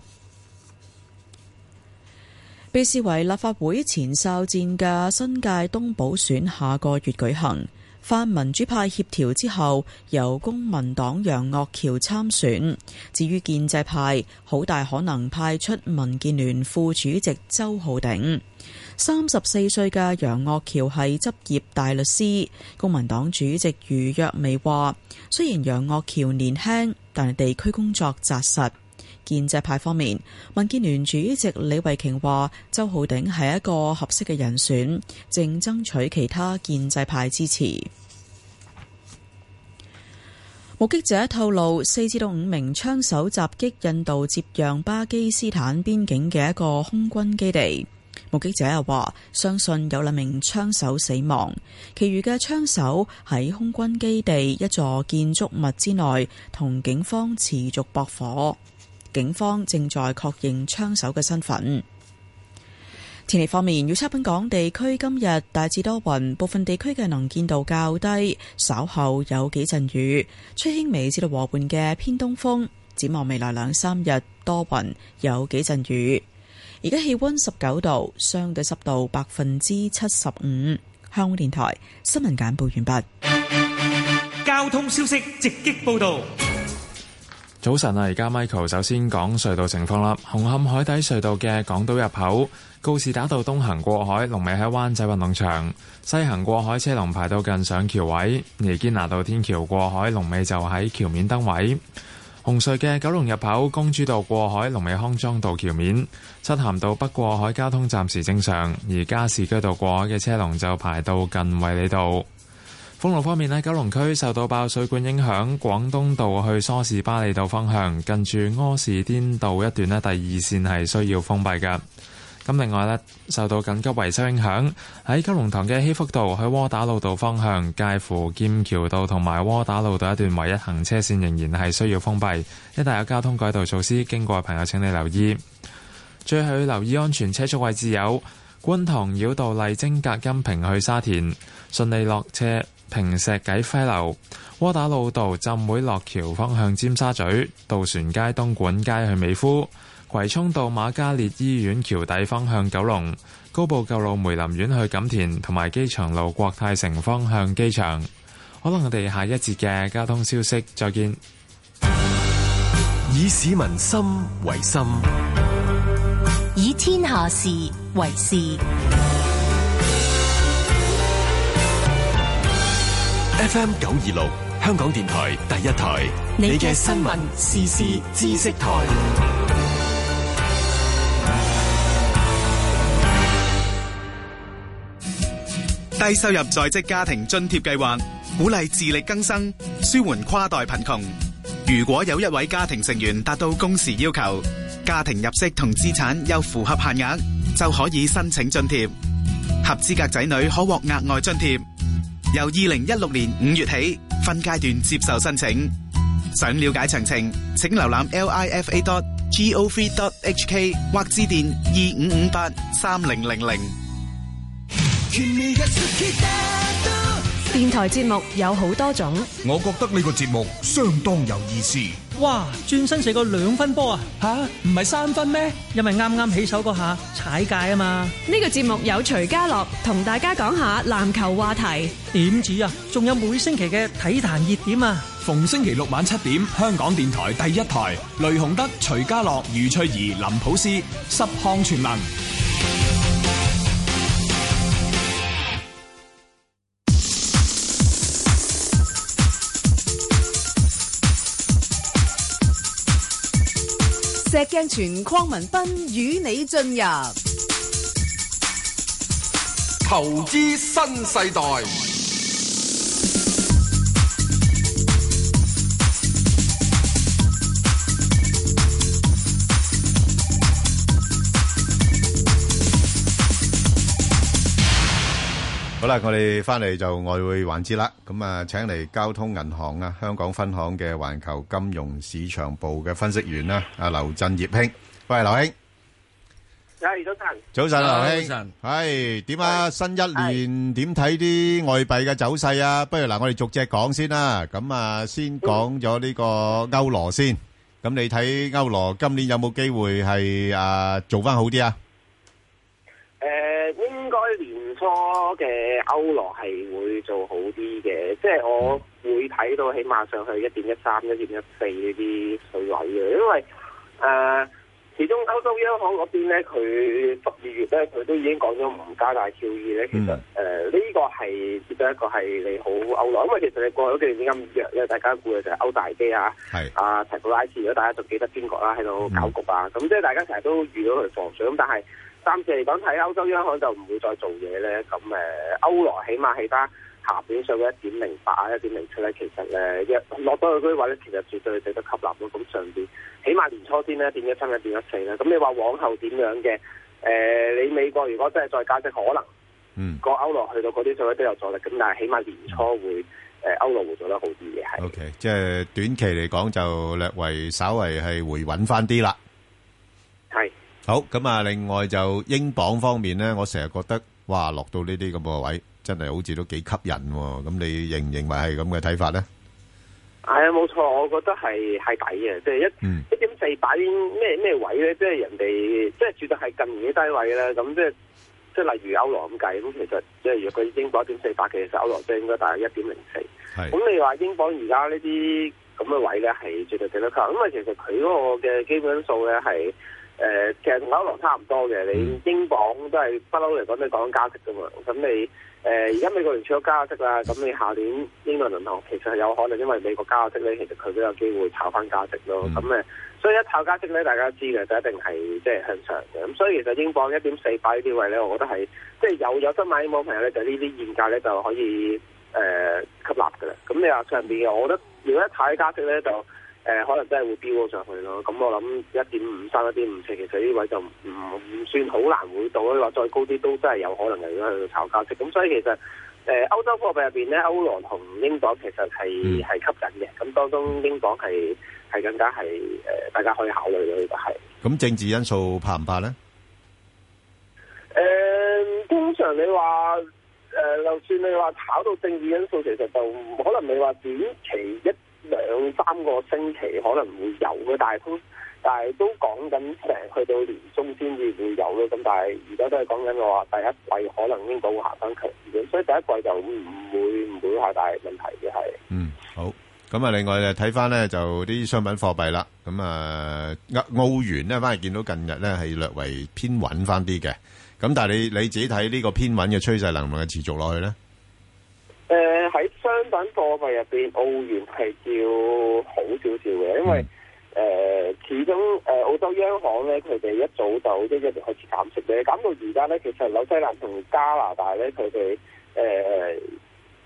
被視為立法會前哨戰嘅新界東補選下個月舉行。泛民主派協調之後，由公民黨楊岳橋參選。至於建制派，好大可能派出民建聯副主席周浩鼎。三十四歲嘅楊岳橋係執業大律師。公民黨主席余若薇話，雖然楊岳橋年輕，但係地區工作紮實。建制派方面，民建聯主席李慧瓊話，周浩鼎係一個合適嘅人選，正爭取其他建制派支持。目擊者透露，四至到五名槍手襲擊印度接壤巴基斯坦邊境嘅一個空軍基地。目擊者又話，相信有兩名槍手死亡，其餘嘅槍手喺空軍基地一座建築物之內同警方持續搏火。警方正在確認槍手嘅身份。天氣方面，預測，本港地區今日大致多雲，部分地區嘅能見度較低，稍後有幾陣雨，吹輕微至到和緩嘅偏東風。展望未來兩三日多雲，有幾陣雨。而家氣溫十九度，相對濕度百分之七十五。香港電台新聞簡報完畢。交通消息直擊報道。早晨啊！而家 Michael 首先講隧道情況啦。紅磡海底隧道嘅港島入口，告士打道東行過海龍尾喺灣仔運動場；西行過海車龍排到近上橋位。而堅拿道天橋過海龍尾就喺橋面燈位。紅隧嘅九龍入口，公主道過海龍尾康莊道橋面。漆鹹道北過海交通暫時正常，而加士居道過海嘅車龍就排到近衛理道。公路方面咧，九龍區受到爆水管影響，廣東道去梳士巴利道方向近住柯士甸道一段咧，第二線係需要封閉嘅。咁另外咧，受到緊急維修影響，喺九龍塘嘅希福道去窩打老道方向，介乎劍橋道同埋窩打老道一段，唯一行車線仍然係需要封閉。一帶有交通改道措施，經過嘅朋友請你留意。最後要留意安全車速位置有，觀塘繞道麗晶隔音屏去沙田順利落車。平石偈分流，窩打老道浸會落橋方向尖沙咀，渡船街東莞街去美孚，葵涌道馬嘉烈醫院橋底方向九龍，高步舊路梅林苑去錦田，同埋機場路國泰城方向機場。可能我哋下一節嘅交通消息，再見。以市民心為心，以天下事為事。FM 九二六，香港電台第一台，你嘅新聞、時事、知識台。低收入在職家庭津貼計劃，鼓勵自力更生，舒緩跨代貧窮。如果有一位家庭成員達到工時要求，家庭入息同資產又符合限額，就可以申請津貼。合資格仔女可獲額外津貼。由二零一六年五月起分階段接受申請，想了解詳情，請瀏覽 lifa.gov.hk 或致電二五五八三零零零。電台節目有好多種，我覺得呢個節目相當有意思。哇！轉身射個兩分波啊！吓、啊，唔係三分咩？因為啱啱起手嗰下踩界啊嘛！呢個節目有徐家樂同大家講下籃球話題，點止啊？仲有每星期嘅體壇熱點啊！逢星期六晚七點，香港電台第一台，雷洪德、徐家樂、余翠怡、林普思，濕康傳聞。石鏡泉鄺民彬與你進入投資新世代。好啦，我哋翻嚟就外匯環節啦。咁啊，請嚟交通銀行啊香港分行嘅環球金融市場部嘅分析員啦，阿劉振業兄，歡迎劉兄。係早晨，早晨，劉兄。係點啊？新一年點睇啲外幣嘅走勢啊？不如嗱，我哋逐隻講先啦。咁啊，先講咗呢個歐羅先。咁你睇歐羅今年有冇機會係啊做翻好啲啊？誒。多嘅歐羅係會做好啲嘅，即、就、係、是、我會睇到起碼上去一點一三、一點一四呢啲水位嘅，因為誒、呃，其中歐洲央行嗰邊咧，佢十二月咧，佢都已經講咗唔加大 QE 咧，嗯、其實誒呢、呃這個係接咗一個係利好歐羅，因為其實你過去嗰幾年啱弱，因為大家顧嘅就係歐大基啊，係是啊齊普拉茨，如果大家仲記得邊個啦，喺度搞局啊，咁、嗯嗯、即係大家成日都預咗佢放水，咁但係。暫時嚟講，喺歐洲央行就唔會再做嘢咧。咁誒，歐羅起碼係翻下邊上嘅一點零八啊，一點零七咧，其實咧一落咗佢嗰位咧，其實絕對係值得吸納咯。咁上邊起碼年初先咧，點一三啊，一點一四咧。咁你話往後點樣嘅？誒、呃，你美國如果真係再加息，可能嗯，個歐羅去到嗰啲上位都有助力。咁但係起碼年初會誒、嗯、歐羅會做得好啲嘅，係。Okay，即係短期嚟講就略為稍微係回穩翻啲啦。係。好咁啊！另外就英鎊方面咧，我成日覺得哇，落到呢啲咁嘅位，真係好似都幾吸引。咁你認唔認為係咁嘅睇法咧？係啊、哎，冇錯，我覺得係係抵嘅，即係一一點四百點咩咩位咧，即、就、係、是、人哋即係絕對係近年嘅低位啦。咁即係即係例如歐羅咁計，咁其實即係如果英鎊一點四百，其實歐羅即係應該大約一點零四。咁是你話英鎊而家呢啲咁嘅位咧，係絕對幾多級？因為其實佢嗰個嘅基本數咧係。誒、呃，其實同歐羅差唔多嘅，你英鎊都係不嬲嚟講都講加息噶嘛，咁你誒而家美國聯儲咗加息啦，咁你下年英國銀行其實係有可能，因為美國加息咧，其實佢都有機會炒翻加息咯，咁誒、嗯，所以一炒加息咧，大家都知嘅就一定係即係向上嘅，咁所以其實英鎊一點四八呢啲位咧，我覺得係即係有有新買英鎊朋友咧，就價呢啲現價咧就可以誒、呃、吸納噶啦，咁你話上邊，我覺得如果一炒加息咧就。誒、呃，可能真係會飆咗上去咯。咁、嗯、我諗一點五三一點，五四，其實呢位就唔唔算好難會到咯。你話再高啲都真係有可能係去到炒價值。咁、嗯、所以其實誒，歐、呃、洲貨幣入邊咧，歐羅同英鎊其實係係吸引嘅。咁當中英鎊係係更加係誒、呃，大家可以考慮咯。呢個係。咁、嗯、政治因素怕唔怕咧？誒、呃，通常你話誒，就、呃、算你話炒到政治因素，其實就可能你話短期一。兩三個星期可能會有嘅，但係都但係都講緊成日去到年中先至會有咯。咁但係而家都係講緊話第一季可能應該會行翻期嘅，所以第一季就唔會唔會太大問題嘅係。嗯，好。咁啊，另外誒，睇翻咧就啲商品貨幣啦。咁啊歐元咧，反而見到近日咧係略為偏穩翻啲嘅。咁但係你你自己睇呢個偏穩嘅趨勢能唔能夠持續落去咧？誒，喺、呃、商品貨幣入邊，澳元係叫好少少嘅，因為誒，始終誒，澳洲央行咧，佢哋一早就即一直開始減息嘅，減到而家咧，其實紐西蘭同加拿大咧，佢哋誒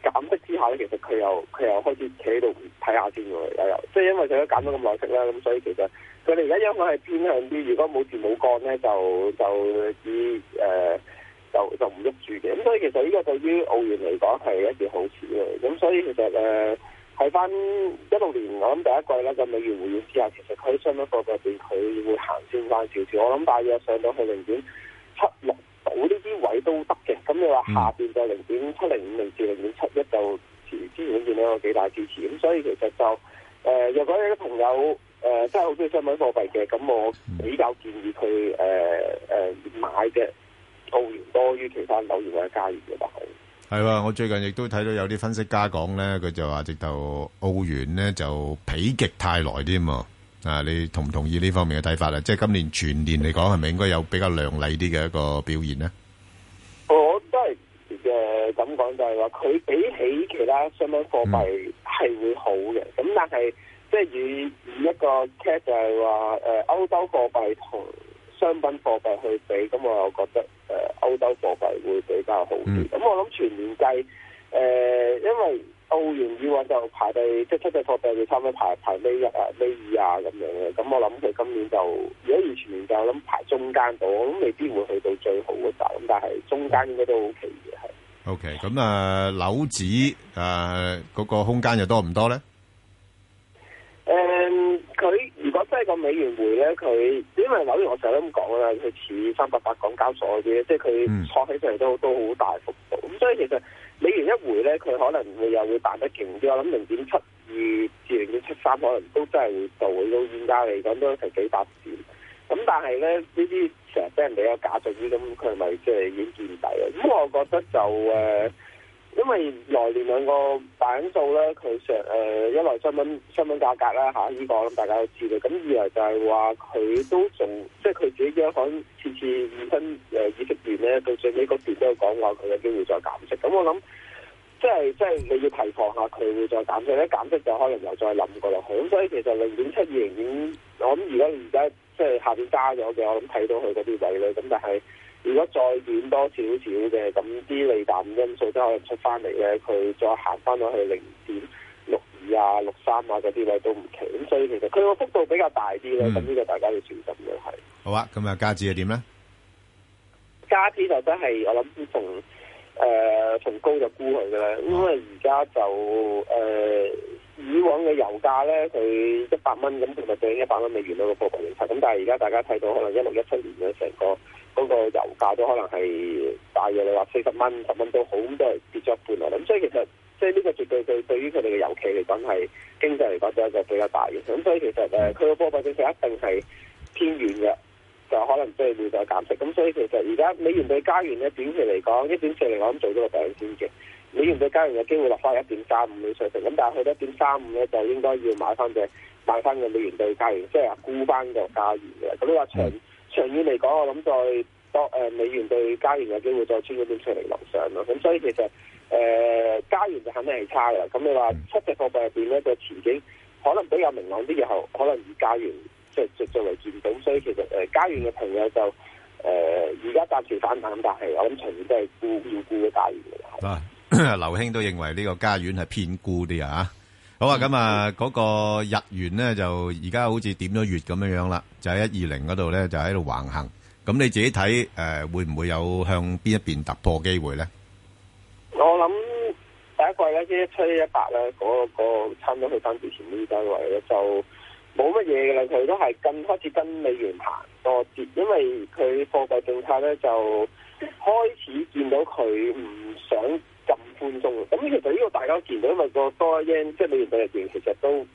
減息之下咧，其實佢又佢又開始企喺度睇下先喎，又即係因為佢都減咗咁耐息啦，咁所以其實佢哋而家央行係偏向啲，如果冇事冇幹咧，就就以誒。呃就就唔喐住嘅，咁所以其實呢個對於澳元嚟講係一件好事嘅。咁所以其實誒，睇翻一六年我諗第一季啦，就美元匯率之下，其實喺商品貨幣佢會行先翻少少。我諗大約上到去零點七六到呢啲位都得嘅。咁你話下邊就零點七零五零至零點七一就之前見到有個幾大支持。咁所以其實就誒，若、呃、果有啲朋友誒、呃、真係好中意商品貨幣嘅，咁我比較建議佢誒誒買嘅。澳元多於其他紐元或者加元嘅，但好，係啊！我最近亦都睇到有啲分析家講呢，佢就話直頭澳元呢就否極泰來添啊！你同唔同意呢方面嘅睇法咧？即係今年全年嚟講，係咪應該有比較亮麗啲嘅一個表現呢？我都係嘅，咁、呃、講就係話佢比起其他相當貨幣係會好嘅，咁、嗯、但係即係以以一個 case 就係話誒歐洲貨幣同商品貨幣去比，咁我又覺得誒、呃、歐洲貨幣會比較好啲。咁、嗯、我諗全年計，誒、呃、因為澳元以往就排第，即七隻貨幣要差唔多排排尾一啊尾二啊咁樣嘅。咁我諗佢今年就如果以全年計，我諗排中間度，我諗未必會去到最好嘅嗰站，但係中間應該都奇 OK 嘅、嗯，係、嗯。O K，咁啊樓指誒嗰個空間又多唔多咧？誒佢、嗯。即係個美元匯咧，佢因為紐約我成日都咁講啦，佢似三百八港交所嗰啲，即係佢挫起上嚟都都好大幅度。咁所以其實美元一回咧，佢可能會又會彈得勁啲。我諗零點七二至零點七三，可能都真係會到。到現價嚟講都係幾百點。咁但係咧，呢啲成日俾人哋有假象啲，咁佢咪即係已經見底啦？咁我覺得就誒。呃因為來年兩個版數咧，佢實誒一來商品商品價格啦吓，呢、啊這個我諗大家都知道。咁二嚟就係話佢都仲即係佢自己央行次次升誒二十完咧，到最尾嗰段都有講話佢有機會再減息。咁、嗯、我諗，即係即係你要提防下佢會再減息咧，減息就可能又再諗過落去。咁所以其實零點七二零點，我諗而家而家即係下面加咗嘅，我諗睇到佢嗰啲位咧。咁但係。如果再軟多少少嘅，咁啲利淡因素都可能出翻嚟咧。佢再行翻落去零點六二啊、六三啊嗰啲咧都唔奇。咁所以其實佢個幅度比較大啲咧。咁呢個大家要小心嘅係。好啊，咁啊，加字又點咧？加字就真係我諗要從誒、呃、高就估佢嘅啦。因為而家就誒、呃、以往嘅油價咧，佢一百蚊咁，其實對應一百蚊美元嗰個部分嚟嘅。咁但係而家大家睇到可能一六一七年嘅成個。嗰個油價都可能係大約，你話四十蚊、十蚊都好咁，都係跌咗一半啦。咁、嗯、所以其實即係呢個絕對對對於佢哋嘅油企嚟講係經濟嚟講就係一個比較大嘅。咁、嗯、所以其實誒，佢、呃、個波幅正常一定係偏遠嘅，就可能即對面再減息。咁、嗯、所以其實而家美元對加元咧短期嚟講 40, 一點四零，我諗做咗個頂先嘅。美元對加元嘅機會落翻一點三五嘅水平，咁、嗯、但係去到一點三五咧，就應該要買翻隻買翻個美元對加元，即係沽翻個加元嘅。咁呢個長。長遠嚟講，我諗再多誒、呃、美元對加元嘅機會再穿咗邊出嚟樓上咯，咁所以其實誒加元就肯定係差嘅。咁你話七隻貨幣入邊咧嘅前景可能比較明朗啲，以後可能以加元即係作作為見底，所以其實誒加元嘅朋友就誒而家暫時反彈咁隔氣，呃、淡淡但我諗長遠沽沽、啊、都係沽要沽一加元嘅。啊，劉興都認為呢個加元係偏沽啲啊？好啊，咁啊，嗰個日元咧就而家好似點咗穴咁樣樣啦，就喺一二零嗰度咧就喺度橫行。咁你自己睇誒、呃，會唔會有向邊一邊突破機會咧？我諗第一季咧，即係出一百咧，嗰、那個、那個、差唔多去翻之前呢單位咧，就冇乜嘢嘅啦。佢都係近開始跟美元行多啲，因為佢貨幣政策咧就開始見到佢唔想。咁寬鬆。咁其實呢個大家見到，因為個多 year 即係美元對日元，其實都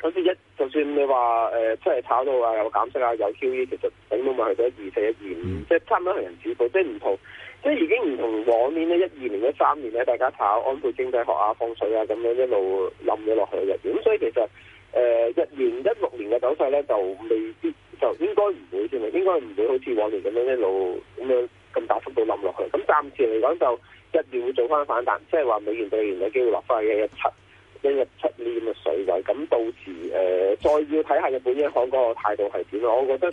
好似一，就算你話誒、呃、出嚟炒到話有減息啊，有 QE，其實頂多咪去到一二四一二五，即係差唔多係人主導，即係唔同，即係已經唔同往年呢，一二年、一三年咧，大家炒安倍經濟學啊、放水啊咁樣一路冧咗落去嘅。咁所以其實誒、呃，一年、一六年嘅走勢咧，就未必，就應該唔會先啦，應該唔會好似往年咁樣一路咁樣咁大幅度冧落去。咁暫時嚟講就。日元會做翻反彈，即係話美元對日元有機會落翻一一七一一七呢點嘅水位。咁到時誒、呃，再要睇下日本央行個態度係點咯。我覺得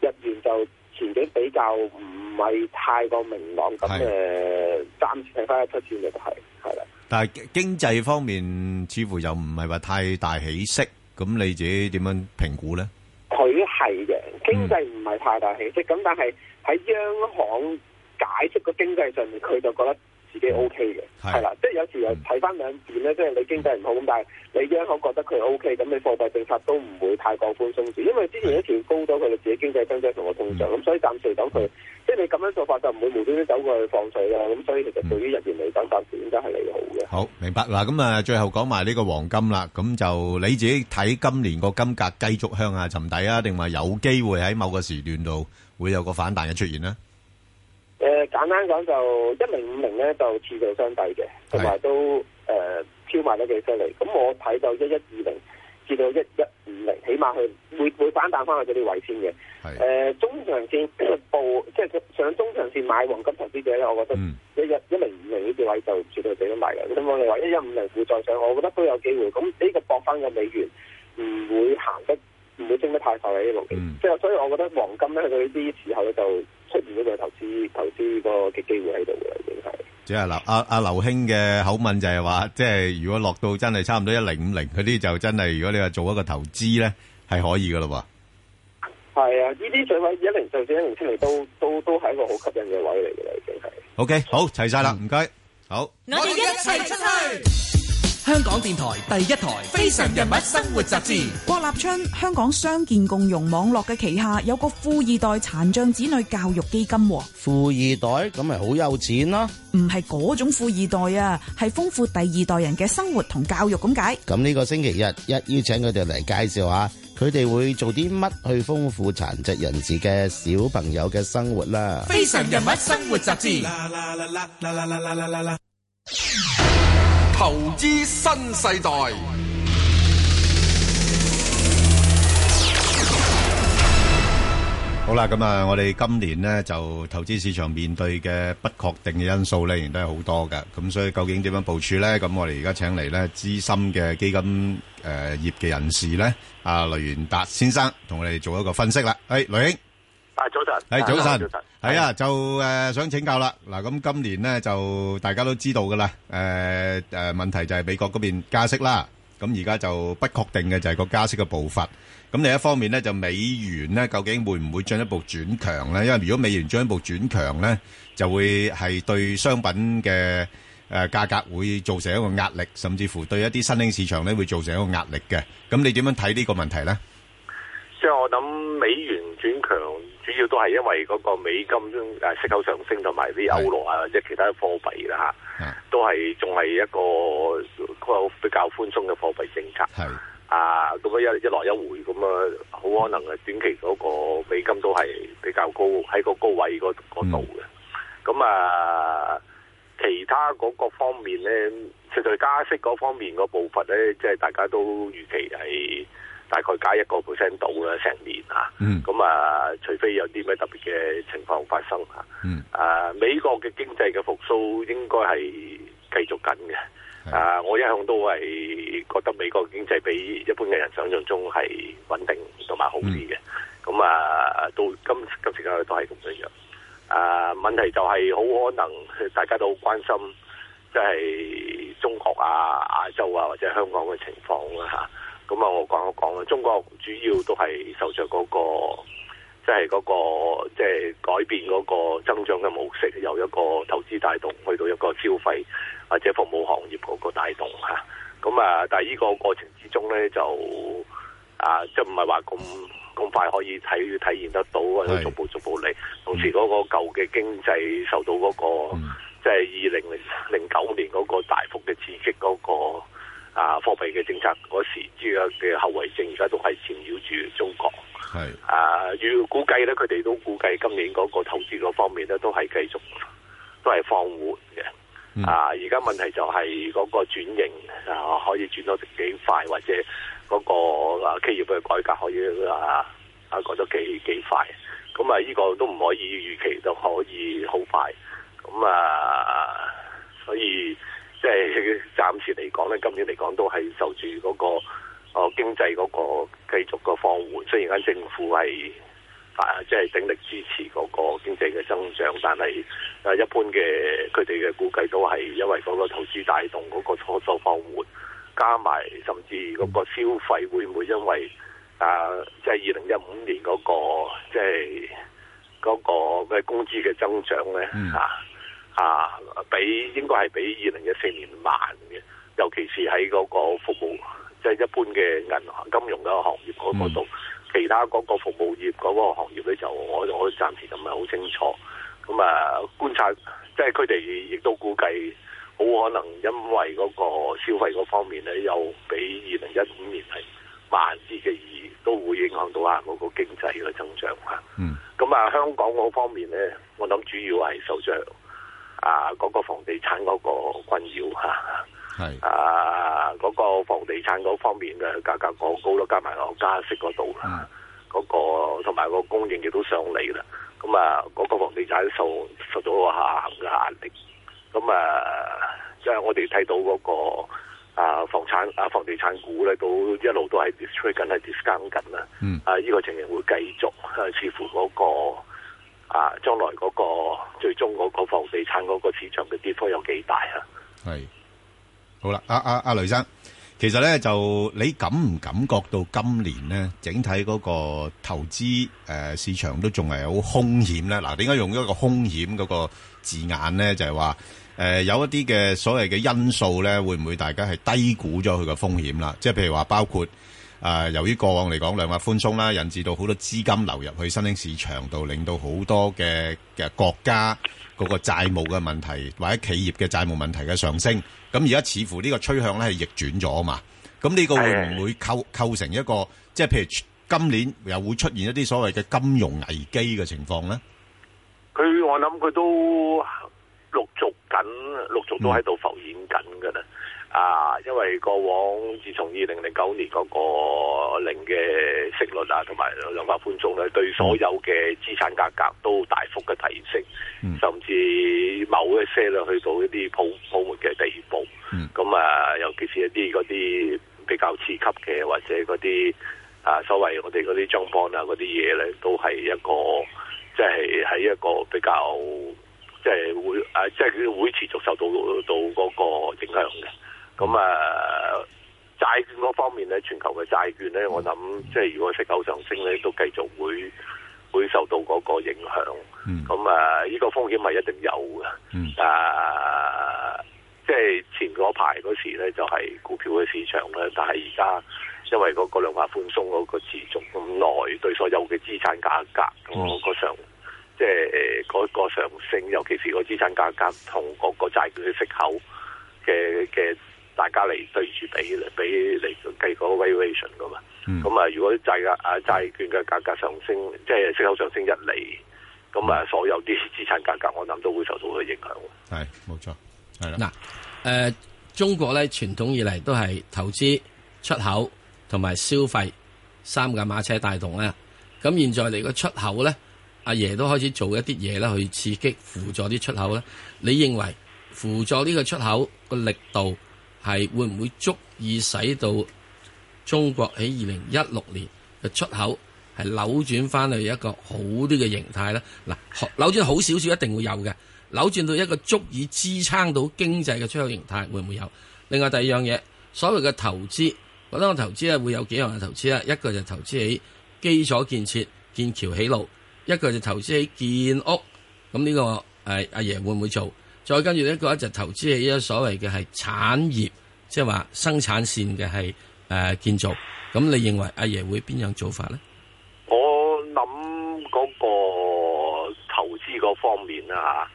日元就前景比較唔係太過明朗。咁誒的，暫時睇翻一七線嘅，係係啦。但係經濟方面似乎又唔係話太大起色。咁你自己點樣評估咧？佢係嘅經濟唔係太大起色。咁、嗯、但係喺央行解釋個經濟上面，佢就覺得。自己 OK 嘅，係啦，即係有時又睇翻兩件咧，即係你經濟唔好咁，但係你央行覺得佢 OK，咁你貨幣政策都唔會太過寬鬆住，因為之前一條高咗佢，自己經濟增長同個通脹，咁所以暫時等佢，即係你咁樣做法就唔會無端端走過去放水啦，咁所以其實對於日圓嚟講發展都係利好嘅。好，明白嗱，咁啊，最後講埋呢個黃金啦，咁就你自己睇今年個金價繼續向下沉底啊，定話有機會喺某個時段度會有個反彈嘅出現呢？誒、呃，簡單講就一零五零咧就次續相對嘅，同埋的都誒超賣得幾犀利。咁我睇到一一二零至到一一五零，起碼佢會會反彈翻去嗰啲位先嘅。誒的、呃，中長線報、呃、即係上中長線買黃金投資者咧，我覺得一一一零五零呢啲位就絕對係得好賣。咁我哋話一一五零會再上，我覺得都有機會。咁呢個博翻嘅美元唔會行得唔會升得，得太快喺呢度嘅。即係、嗯、所，所以我覺得黃金咧喺呢啲時候咧就。出現嗰個投資投資個嘅機會喺度嘅，已經係、啊啊。即係嗱，阿阿劉兄嘅口吻就係話，即係如果落到真係差唔多一零五零，嗰啲就真係如果你話做一個投資咧，係可以噶咯。喎，係啊，呢啲水位，一零就算一零七零都都都係一個好吸引嘅位嚟嘅啦，已經係。O、okay, K，好，齊晒啦，唔該、嗯，好。我哋一齊出去。香港電台第一台《非常人物生活雜誌》，郭立春，香港傷健共融網絡嘅旗下有個富二代殘障子女教育基金，富二代咁咪好有錢咯、啊？唔係嗰種富二代啊，係豐富第二代人嘅生活同教育咁解。咁呢個星期日一於請佢哋嚟介紹下，佢哋會做啲乜去豐富殘疾人士嘅小朋友嘅生活啦、啊。《非常人物生活雜誌》。投資新世代。好啦，咁啊，我哋今年呢，就投資市場面對嘅不確定嘅因素呢，仍然都係好多㗎。咁所以究竟點樣部署呢？咁我哋而家請嚟呢，資深嘅基金，呃，業嘅人士呢，呃，雷元達先生，同我哋做一個分析啦。係，雷兄。誒，早晨，係早晨，係啊，就誒，想請教啦。嗱，咁今年咧，就大家都知道噶啦，誒誒，問題就係美國嗰邊加息啦。咁而家就不確定嘅就係個加息嘅步伐。咁另一方面咧，就美元咧究竟會唔會進一步轉強咧？因為如果美元進一步轉強咧，就會係對商品嘅誒價格會造成一個壓力，甚至乎對一啲新興市場咧會造成一個壓力嘅。咁你點樣睇呢個問題咧？即係我諗美元轉強。主要都係因為嗰個美金誒息口上升同埋啲歐羅啊或者其他貨幣啦吓，都係仲係一個比較寬鬆嘅貨幣政策的啊，咁啊一來一,一回咁啊，好可能啊短期嗰個美金都係比較高，喺個高位嗰度嘅。咁啊的，其他嗰各方面呢，實際加息嗰方面嗰步伐呢，即係大家都預期係大概加一個 percent 度啦，成年啊，咁、嗯、啊，除非有啲咩特別嘅情況發生啊，嗯、啊，美國嘅經濟嘅復甦應該係繼續緊嘅，的啊，我一向都係覺得美國經濟比一般嘅人想像中係穩定同埋好啲嘅，咁、嗯、啊，到今今時今日都係咁樣樣，啊，問題就係好可能大家都好關心，即係中國啊、亞洲啊或者香港嘅情況啦、啊、嚇。咁啊、嗯，我講講啦，中國主要都係受着嗰個，即係嗰個，即係改變嗰個增長嘅模式，由一個投資帶動去到一個消費或者服務行業嗰個帶動吓。咁啊，但係呢個過程之中咧，就啊，即係唔係話咁咁快可以體體現得到，或者逐步逐步嚟。同時嗰個舊嘅經濟受到嗰個，即係二零零零九年嗰個大幅嘅刺激嗰個。啊，貨幣嘅政策嗰時，呢個嘅後遺症而家都係纏繞住中國。係啊，要估計咧，佢哋都估計今年嗰個投資嗰方面咧，都係繼續都係放緩嘅。嗯、啊，而家問題就係嗰個轉型啊，可以轉到幾快，或者嗰個、啊、企業嘅改革可以啊啊，覺得幾幾快。咁啊，呢個都唔可以預期到可以好快。咁啊，所以。即係暫時嚟講咧，今年嚟講都係受住嗰個哦經濟嗰個繼續個放緩。雖然間政府係啊，即係鼎力支持嗰個經濟嘅增長，但係啊一般嘅佢哋嘅估計都係因為嗰個投資帶動嗰個初收放緩，加埋甚至嗰個消費會唔會因為啊，即係二零一五年嗰個即係嗰個嘅工資嘅增長咧嚇？啊啊，比應該係比二零一四年慢嘅，尤其是喺嗰個服務，即係一般嘅銀行金融嗰個行業嗰個度，嗯、其他嗰個服務業嗰個行業咧就我我暫時就唔係好清楚。咁啊，觀察即係佢哋亦都估計好可能因為嗰個消費嗰方面咧，又比二零一五年係慢啲嘅，而都會影響到嗰個經濟嘅增長嚇。嗯，咁啊，香港嗰方面咧，我諗主要係受着。啊！嗰個房地產嗰個困擾嚇，係啊！嗰個房地產嗰方面嘅價格過高咯，加埋個加、加息嗰度啦，嗰個同埋嗰供應亦都上嚟啦。咁啊，嗰個房地產受受到下行嘅壓力。咁啊，即係我哋睇到嗰個啊房產啊房地產股咧，都一路都係 discount 緊，係 discount 緊啊！啊，呢個情形會繼續啊，似乎嗰個。啊！將來嗰個最終嗰個房地產嗰個市場嘅跌幅有幾大啊？係好啦，阿阿阿雷生，其實呢，就你感唔感覺到今年呢，整體嗰個投資誒、呃、市場都仲係好凶險呢？嗱、啊，點解用一個凶險嗰個字眼呢？就係話誒有一啲嘅所謂嘅因素呢，會唔會大家係低估咗佢嘅風險啦？即係譬如話包括。啊、呃！由於過往嚟講量化寬鬆啦，引致到好多資金流入去新興市場度，令到好多嘅嘅國家嗰個債務嘅問題，或者企業嘅債務問題嘅上升。咁而家似乎呢個趨向咧係逆轉咗啊嘛。咁呢個會唔會構構成一個，即係譬如今年又會出現一啲所謂嘅金融危機嘅情況咧？佢我諗佢都陸續緊，陸續都喺度浮現緊噶啦。啊，因為過往自從二零零九年嗰個零嘅息率啊，同埋量化寬鬆咧，對所有嘅資產價格都大幅嘅提升，嗯、甚至某一些咧去到一啲普泡，泡沫嘅地步。咁、嗯、啊，尤其是一啲嗰啲比較次級嘅，或者嗰啲啊所謂我哋嗰啲 junk bond 啊嗰啲嘢咧，都係一個即係喺一個比較即係、就是、會啊，即、就、係、是、會持續受到到嗰個影響嘅。咁啊，債券嗰方面咧，全球嘅債券咧，我諗、嗯、即係如果息口上升咧，都繼續會會受到嗰個影響。咁啊、嗯，呢、呢個風險係一定有嘅。嗯、啊，即、就、係、是、前嗰排嗰時咧，就係股票嘅市場咧，但係而家因為嗰個量化寬鬆嗰個持續咁耐，對所有嘅資產價格嗰、嗰個上，嗯、即係嗰、呃、個，個上升，尤其是個資產價格同嗰個債券嘅息口嘅嘅。大家嚟對住比嚟比嚟計嗰 valuation 噶嘛？咁 [noise] 啊樂，如果債啊債券嘅價格上升，即係息口上升一厘，咁 [noise] 啊樂，所有啲資產價格我諗都會受到佢影響。係冇錯，係啦。嗱， [music] 誒、嗯、中國咧傳統以嚟都係投資、出口同埋消費三架馬車帶動啦。咁現在嚟個出口咧，阿爺，爺都開始做一啲嘢咧，去刺激輔助啲出口咧。你認為輔助呢個出口個力度？係會唔會足以使到中國喺二零一六年嘅出口係扭轉翻去一個好啲嘅形態咧？嗱，扭轉好少少一定會有嘅，扭轉到一個足以支撐到經濟嘅出口形態會唔會有？另外第二樣嘢，所謂嘅投資，我諗我投資咧會有幾樣嘅投資啦，一個就投資喺基礎建設，建橋起路；一個就投資喺建屋。咁呢個誒，阿爺會唔會做？再跟住咧，嗰一隻投資係一所謂嘅係產業，即係話生產線嘅係誒建造。咁你認為阿爺會邊樣做法咧？我諗嗰個投資嗰方面啊，嚇，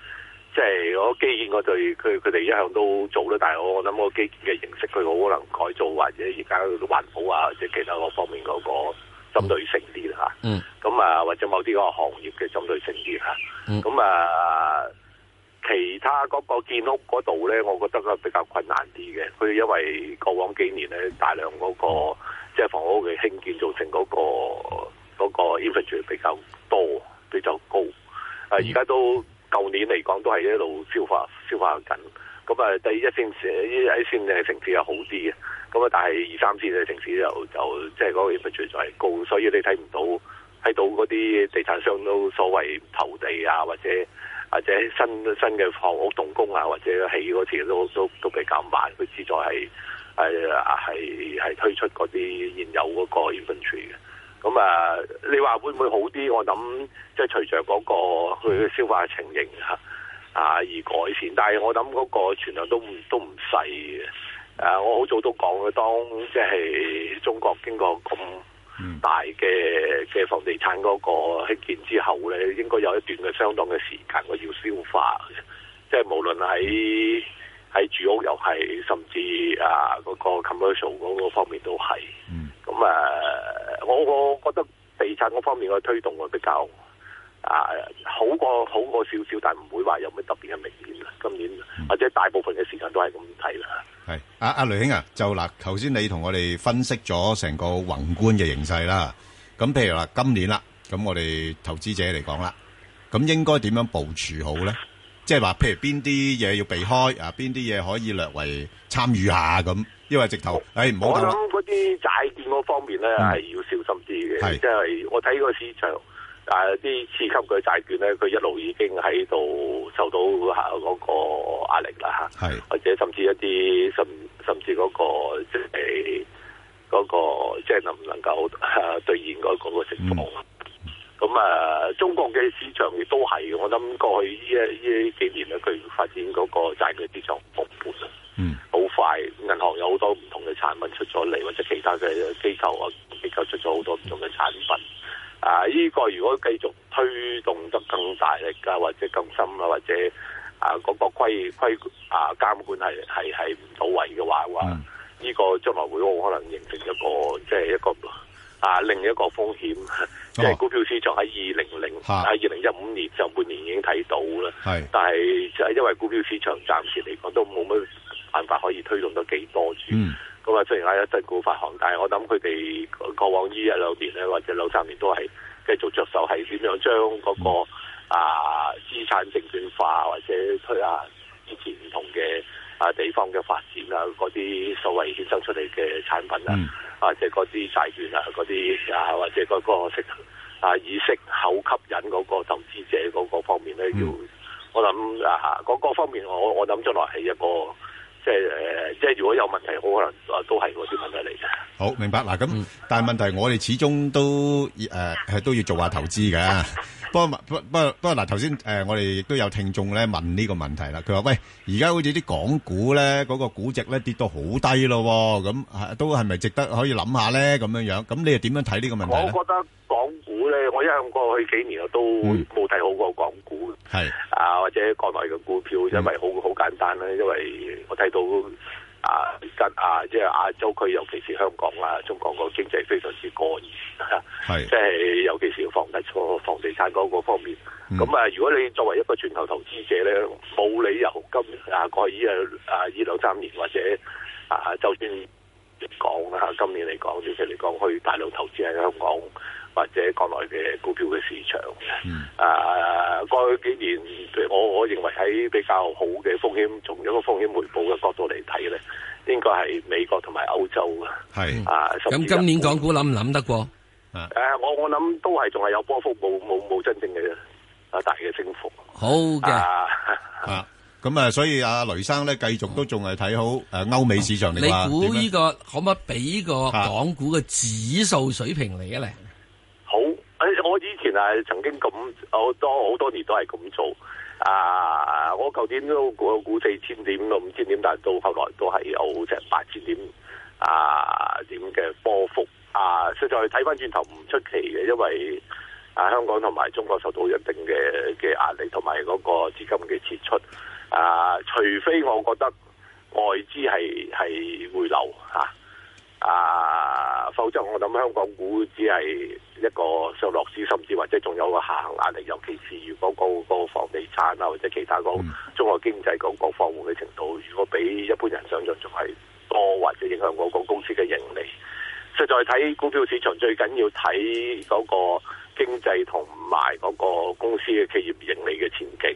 即係我基建，我對佢佢哋一向都做啦。但係我諗個基建嘅形式，佢好可能改造或者而家嘅環保啊，或者其他嗰方面嗰個針對性啲啦。嗯。咁啊，或者某啲嗰個行業嘅針對性啲啦。啊、嗯。咁、嗯、啊。其他嗰個建屋嗰度咧，我覺得咧比較困難啲嘅。佢因為過往幾年咧，大量嗰、那個即係、就是、房屋嘅興建造成嗰、那個嗰、那個 inventory 比較多、比較高。啊，而家都舊年嚟講都係一路消化消化緊。咁啊，第一線第一線嘅城市又好啲嘅。咁啊，但係二三線嘅城市又就即係嗰 inventory 就係、就是、高，所以你睇唔到睇到嗰啲地產商都所謂投地啊或者。或者新新嘅房屋動工啊，或者起嗰次都都都比較慢，佢始在係係係係推出嗰啲現有嗰個 inventory 嘅。咁啊，你話會唔會好啲？我諗即係隨着嗰個佢消化情形嚇啊，啊而改善。但係我諗嗰個存量都唔都唔細嘅。誒、啊，我好早都講咗，當即係中國經過咁。嗯、大嘅嘅房地產嗰個興建之後咧，應該有一段嘅相當嘅時間我要消化，即係無論喺喺住屋又係甚至啊嗰、那個 commercial 嗰個方面都係嗯，咁誒、啊、我我覺得地產嗰方面嘅推動比較。啊，好過好過少少，但係唔會話有咩特別嘅明顯啦。今年或者大部分嘅時間都係咁睇啦。係阿阿雷兄啊，就嗱，頭先你同我哋分析咗成個宏觀嘅形勢啦。咁譬如嗱，今年啦，咁我哋投資者嚟講啦，咁應該點樣部署好咧？即係話，譬如邊啲嘢要避開啊？邊啲嘢可以略為參與下咁？因為直頭，誒，唔好我諗嗰啲債券嗰方面咧，係要小心啲嘅，即係我睇個市場。但係啊！啲次級嘅債券咧，佢一路已經喺度受到嚇嗰、啊那個壓力啦嚇，係或者甚至一啲甚甚至嗰、那個即係嗰個即係、就是、能唔能夠嚇兌、啊、現嗰個情況。咁、嗯、啊，中國嘅市場亦都係，我諗過去呢一呢幾年咧，佢發展嗰個債券市場蓬勃啊，嗯，好快。銀行有好多唔同嘅產品出咗嚟，或者其他嘅機構啊機構出咗好多唔同嘅產品。嗯啊！依、這個如果繼續推動得更大力啊，或者更深啊，或者啊嗰個規規啊監管係係係唔到位嘅話，話、啊、呢、這個將來會可能形成一個即係一個啊另一個風險。即係股票市場喺二零零喺二零一五年上半年已經睇到啦。係是，但係就係因為股票市場暫時嚟講都冇乜。辦法可以推動到幾多住？咁啊、嗯，雖然係一隻股發行，但係我諗佢哋過往呢一兩年咧，或者兩三年都係繼續着手係點樣將嗰、那個、嗯、啊資產證券化，或者推下之前唔同嘅啊地方嘅發展啊，嗰啲所謂衍生出嚟嘅產品啊，啊、嗯，即係嗰啲債券啊，嗰啲啊，或者嗰個息啊，以息口吸引嗰個投資者嗰個方面咧，要、嗯、我諗啊，嗰、那、各、個、方面我我諗出落係一個。即係誒，即係如果有問題，我可能誒都係嗰啲問題嚟嘅。好，明白嗱。咁但係問題，我哋始終都誒係都要做下投資嘅。不過唔不不不，嗱頭先誒，我哋亦都有聽眾咧問呢個問題啦。佢話喂，而家好似啲港股咧，嗰個估值咧跌到好低咯，咁都係咪值得可以諗下咧？咁樣樣咁，你又點樣睇呢個問題咧？我覺得港。我一向過去幾年我都冇睇好過港股，係啊、嗯，或者國內嘅股票，嗯、因為好好簡單咧，因為我睇到啊跟啊即係亞洲區，尤其是香港啊，中國個經濟非常之過熱，即、啊、係、就是、尤其是房地錯房地產嗰個方面。咁啊，如果你作為一個全球投，投資者咧，冇理由今啊過去啊啊依兩三年，或者啊就算講啦，今年嚟講，短期嚟講去大陸投資喺香港。或者國內嘅股票嘅市場嘅，嗯、啊過去幾年，我我認為喺比較好嘅風險，從一個風險回報嘅角度嚟睇咧，應該係美國同埋歐洲嘅，係、嗯、啊。咁今年港股諗唔諗得過？誒、啊，我我諗都係仲係有波幅，冇冇冇真正嘅啊大嘅升幅。好嘅的，啊咁啊，所以阿雷生咧繼續都仲係睇好誒歐美市場嚟，你估呢、這個樣可唔可以畀個港股嘅指數水平嚟咧？係曾經咁，好多好多年都係咁做啊！我舊年都估四千點到五千點，但到後來都係有成八千點啊點嘅波幅啊！實在睇翻轉頭唔出奇嘅，因為啊香港同埋中國受到一定嘅嘅壓力同埋嗰個資金嘅撤出啊，除非我覺得外資係係回流吓。啊啊！否則我諗香港股只係一個上落市，甚至或者仲有個下行壓力。尤其是如果個個房地產啊，或者其他個中國經濟個個放緩嘅程度，如果比一般人想象仲係多，或者影響個個公司嘅盈利。實在睇股票市場最緊要睇嗰個經濟同埋嗰個公司嘅企業盈利嘅前景。